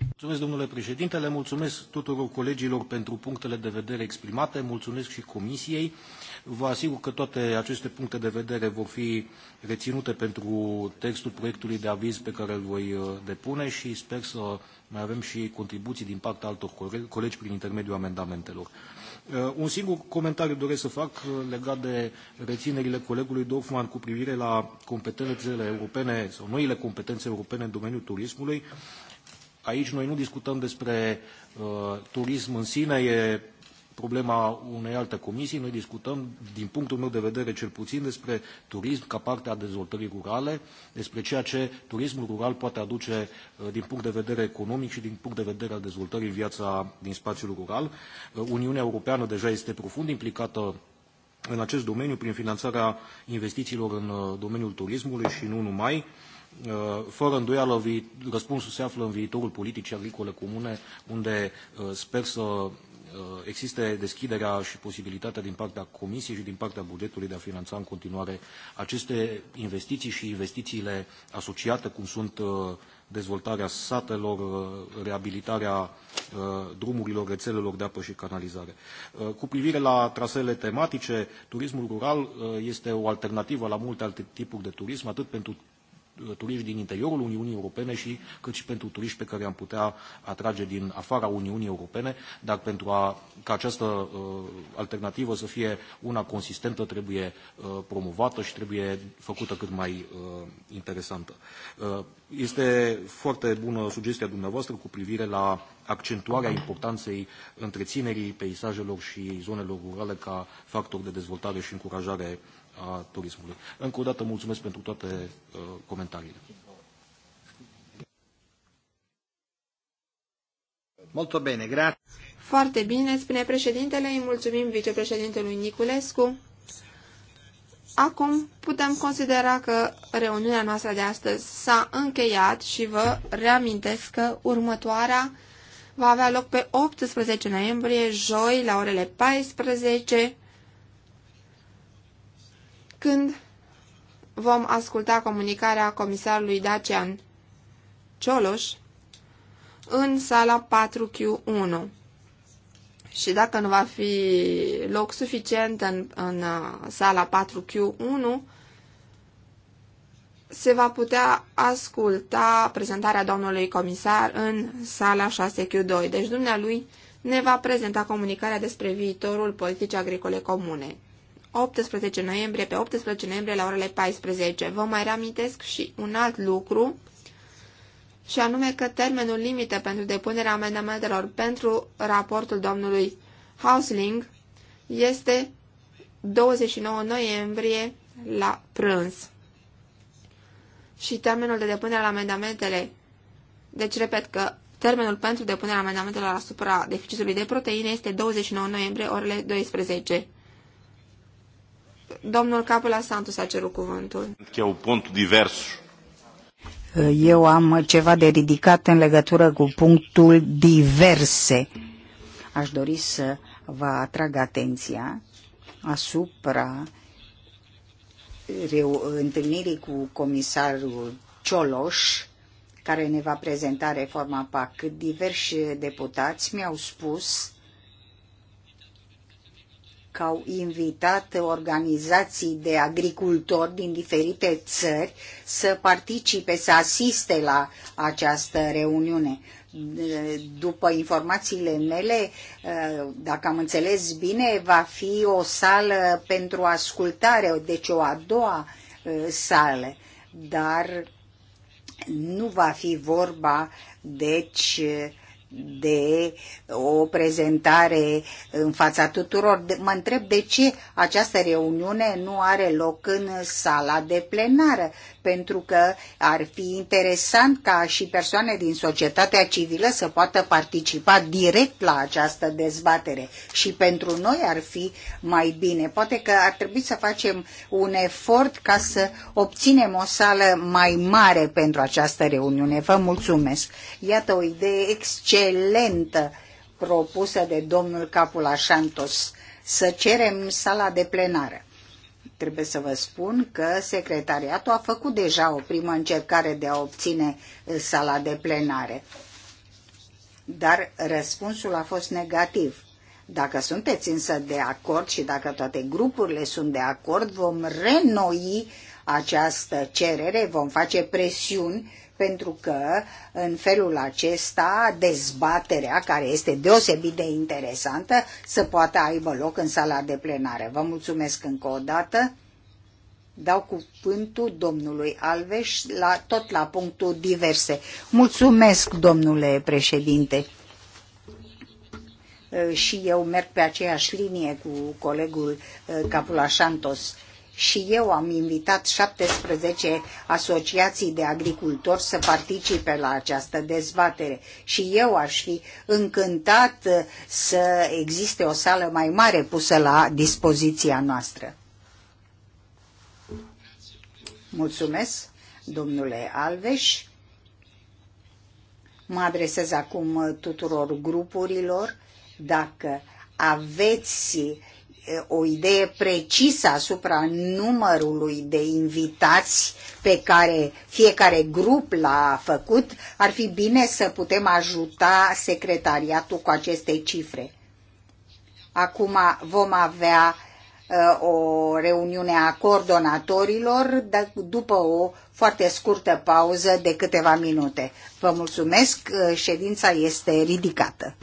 Mulțumesc, domnule președinte, mulțumesc tuturor colegilor pentru punctele de vedere exprimate, mulțumesc și comisiei. Vă asigur că toate aceste puncte de vedere vor fi reținute pentru textul proiectului de aviz pe care îl voi uh, depune și sper să mai avem și contribuții din partea altor colegi prin intermediul amendamentelor. Uh, un singur comentariu doresc să fac uh, legat de reținerile colegului Dorfman cu privire la competențele europene sau noile competențe europene în domeniul turismului. Aici noi nu discutăm despre uh, turism în sine, e problema unei alte comisii. Noi discutăm, din punctul meu de vedere cel puțin, despre turism ca parte a dezvoltării rurale, despre ceea ce turismul rural poate aduce uh, din punct de vedere economic și din punct de vedere al dezvoltării viața din spațiul rural. Uh, Uniunea Europeană deja este profund implicată în acest domeniu prin finanțarea investițiilor în uh, domeniul turismului și nu numai. Fără îndoială, răspunsul se află în viitorul politicii agricole comune, unde sper să Uh, existe deschiderea și posibilitatea din partea Comisiei și din partea bugetului de a finanța în continuare aceste investiții și investițiile asociate, cum sunt uh, dezvoltarea satelor, uh, reabilitarea drumurilor, rețelelor de apă și canalizare. Cu privire la traseele tematice, turismul rural este o alternativă la multe alte tipuri de turism, atât pentru Uh, turiști din interiorul Uniunii Europene și cât și pentru turiști pe care am putea atrage din afara Uniunii Europene, dar pentru a, ca această uh, alternativă să fie una consistentă trebuie uh, promovată și trebuie făcută cât mai uh, interesantă. Uh, este foarte bună sugestia dumneavoastră cu privire la accentuarea importanței întreținerii peisajelor și zonelor rurale ca factor de dezvoltare și încurajare a turismului. Încă o dată mulțumesc pentru toate uh, comentariile. Molto bene, grazie. Foarte bine, spune președintele, îi mulțumim vicepreședintelui Niculescu. Acum putem considera că reuniunea noastră de astăzi s-a încheiat și vă reamintesc că următoarea va avea loc pe 18 noiembrie, joi, la orele 14 când vom asculta comunicarea comisarului Dacian Cioloș în sala 4Q1. Și dacă nu va fi loc suficient în, în uh, sala 4Q1, se va putea asculta prezentarea domnului comisar în sala 6Q2. Deci dumnealui ne va prezenta comunicarea despre viitorul politicii agricole comune. 18 noiembrie, pe 18 noiembrie la orele 14. Vă mai reamintesc și un alt lucru, și anume că termenul limită pentru depunerea amendamentelor pentru raportul domnului Hausling este 29 noiembrie la prânz. Și termenul de depunere la amendamentele, deci repet că termenul pentru depunerea amendamentelor asupra deficitului de proteine este 29 noiembrie orele 12. Domnul Capula Santos a cerut cuvântul. Că un punct divers. Eu am ceva de ridicat în legătură cu punctul diverse. Aș dori să vă atrag atenția asupra întâlnirii cu comisarul Cioloș, care ne va prezenta reforma PAC. Diversi deputați mi-au spus că au invitat organizații de agricultori din diferite țări să participe, să asiste la această reuniune. După informațiile mele, dacă am înțeles bine, va fi o sală pentru ascultare, deci o a doua sală, dar nu va fi vorba, deci, de o prezentare în fața tuturor. Mă întreb de ce această reuniune nu are loc în sala de plenară, pentru că ar fi interesant ca și persoane din societatea civilă să poată participa direct la această dezbatere și pentru noi ar fi mai bine. Poate că ar trebui să facem un efort ca să obținem o sală mai mare pentru această reuniune. Vă mulțumesc! Iată o idee excelentă excelentă propusă de domnul Capula Santos, să cerem sala de plenară. Trebuie să vă spun că secretariatul a făcut deja o primă încercare de a obține uh, sala de plenare. Dar răspunsul a fost negativ. Dacă sunteți însă de acord și dacă toate grupurile sunt de acord, vom renoi această cerere, vom face presiuni pentru că în felul acesta dezbaterea, care este deosebit de interesantă, să poată aibă loc în sala de plenare. Vă mulțumesc încă o dată. Dau cuvântul domnului Alveș la, tot la punctul diverse. Mulțumesc, domnule președinte. Și eu merg pe aceeași linie cu colegul eh, Capula Santos și eu am invitat 17 asociații de agricultori să participe la această dezbatere și eu aș fi încântat uh, să existe o sală mai mare pusă la dispoziția noastră. Mulțumesc, domnule Alveș. Mă adresez acum tuturor grupurilor. Dacă aveți o idee precisă asupra numărului de invitați pe care fiecare grup l-a făcut, ar fi bine să putem ajuta secretariatul cu aceste cifre. Acum vom avea uh, o reuniune a coordonatorilor după o foarte scurtă pauză de câteva minute. Vă mulțumesc, uh, ședința este ridicată.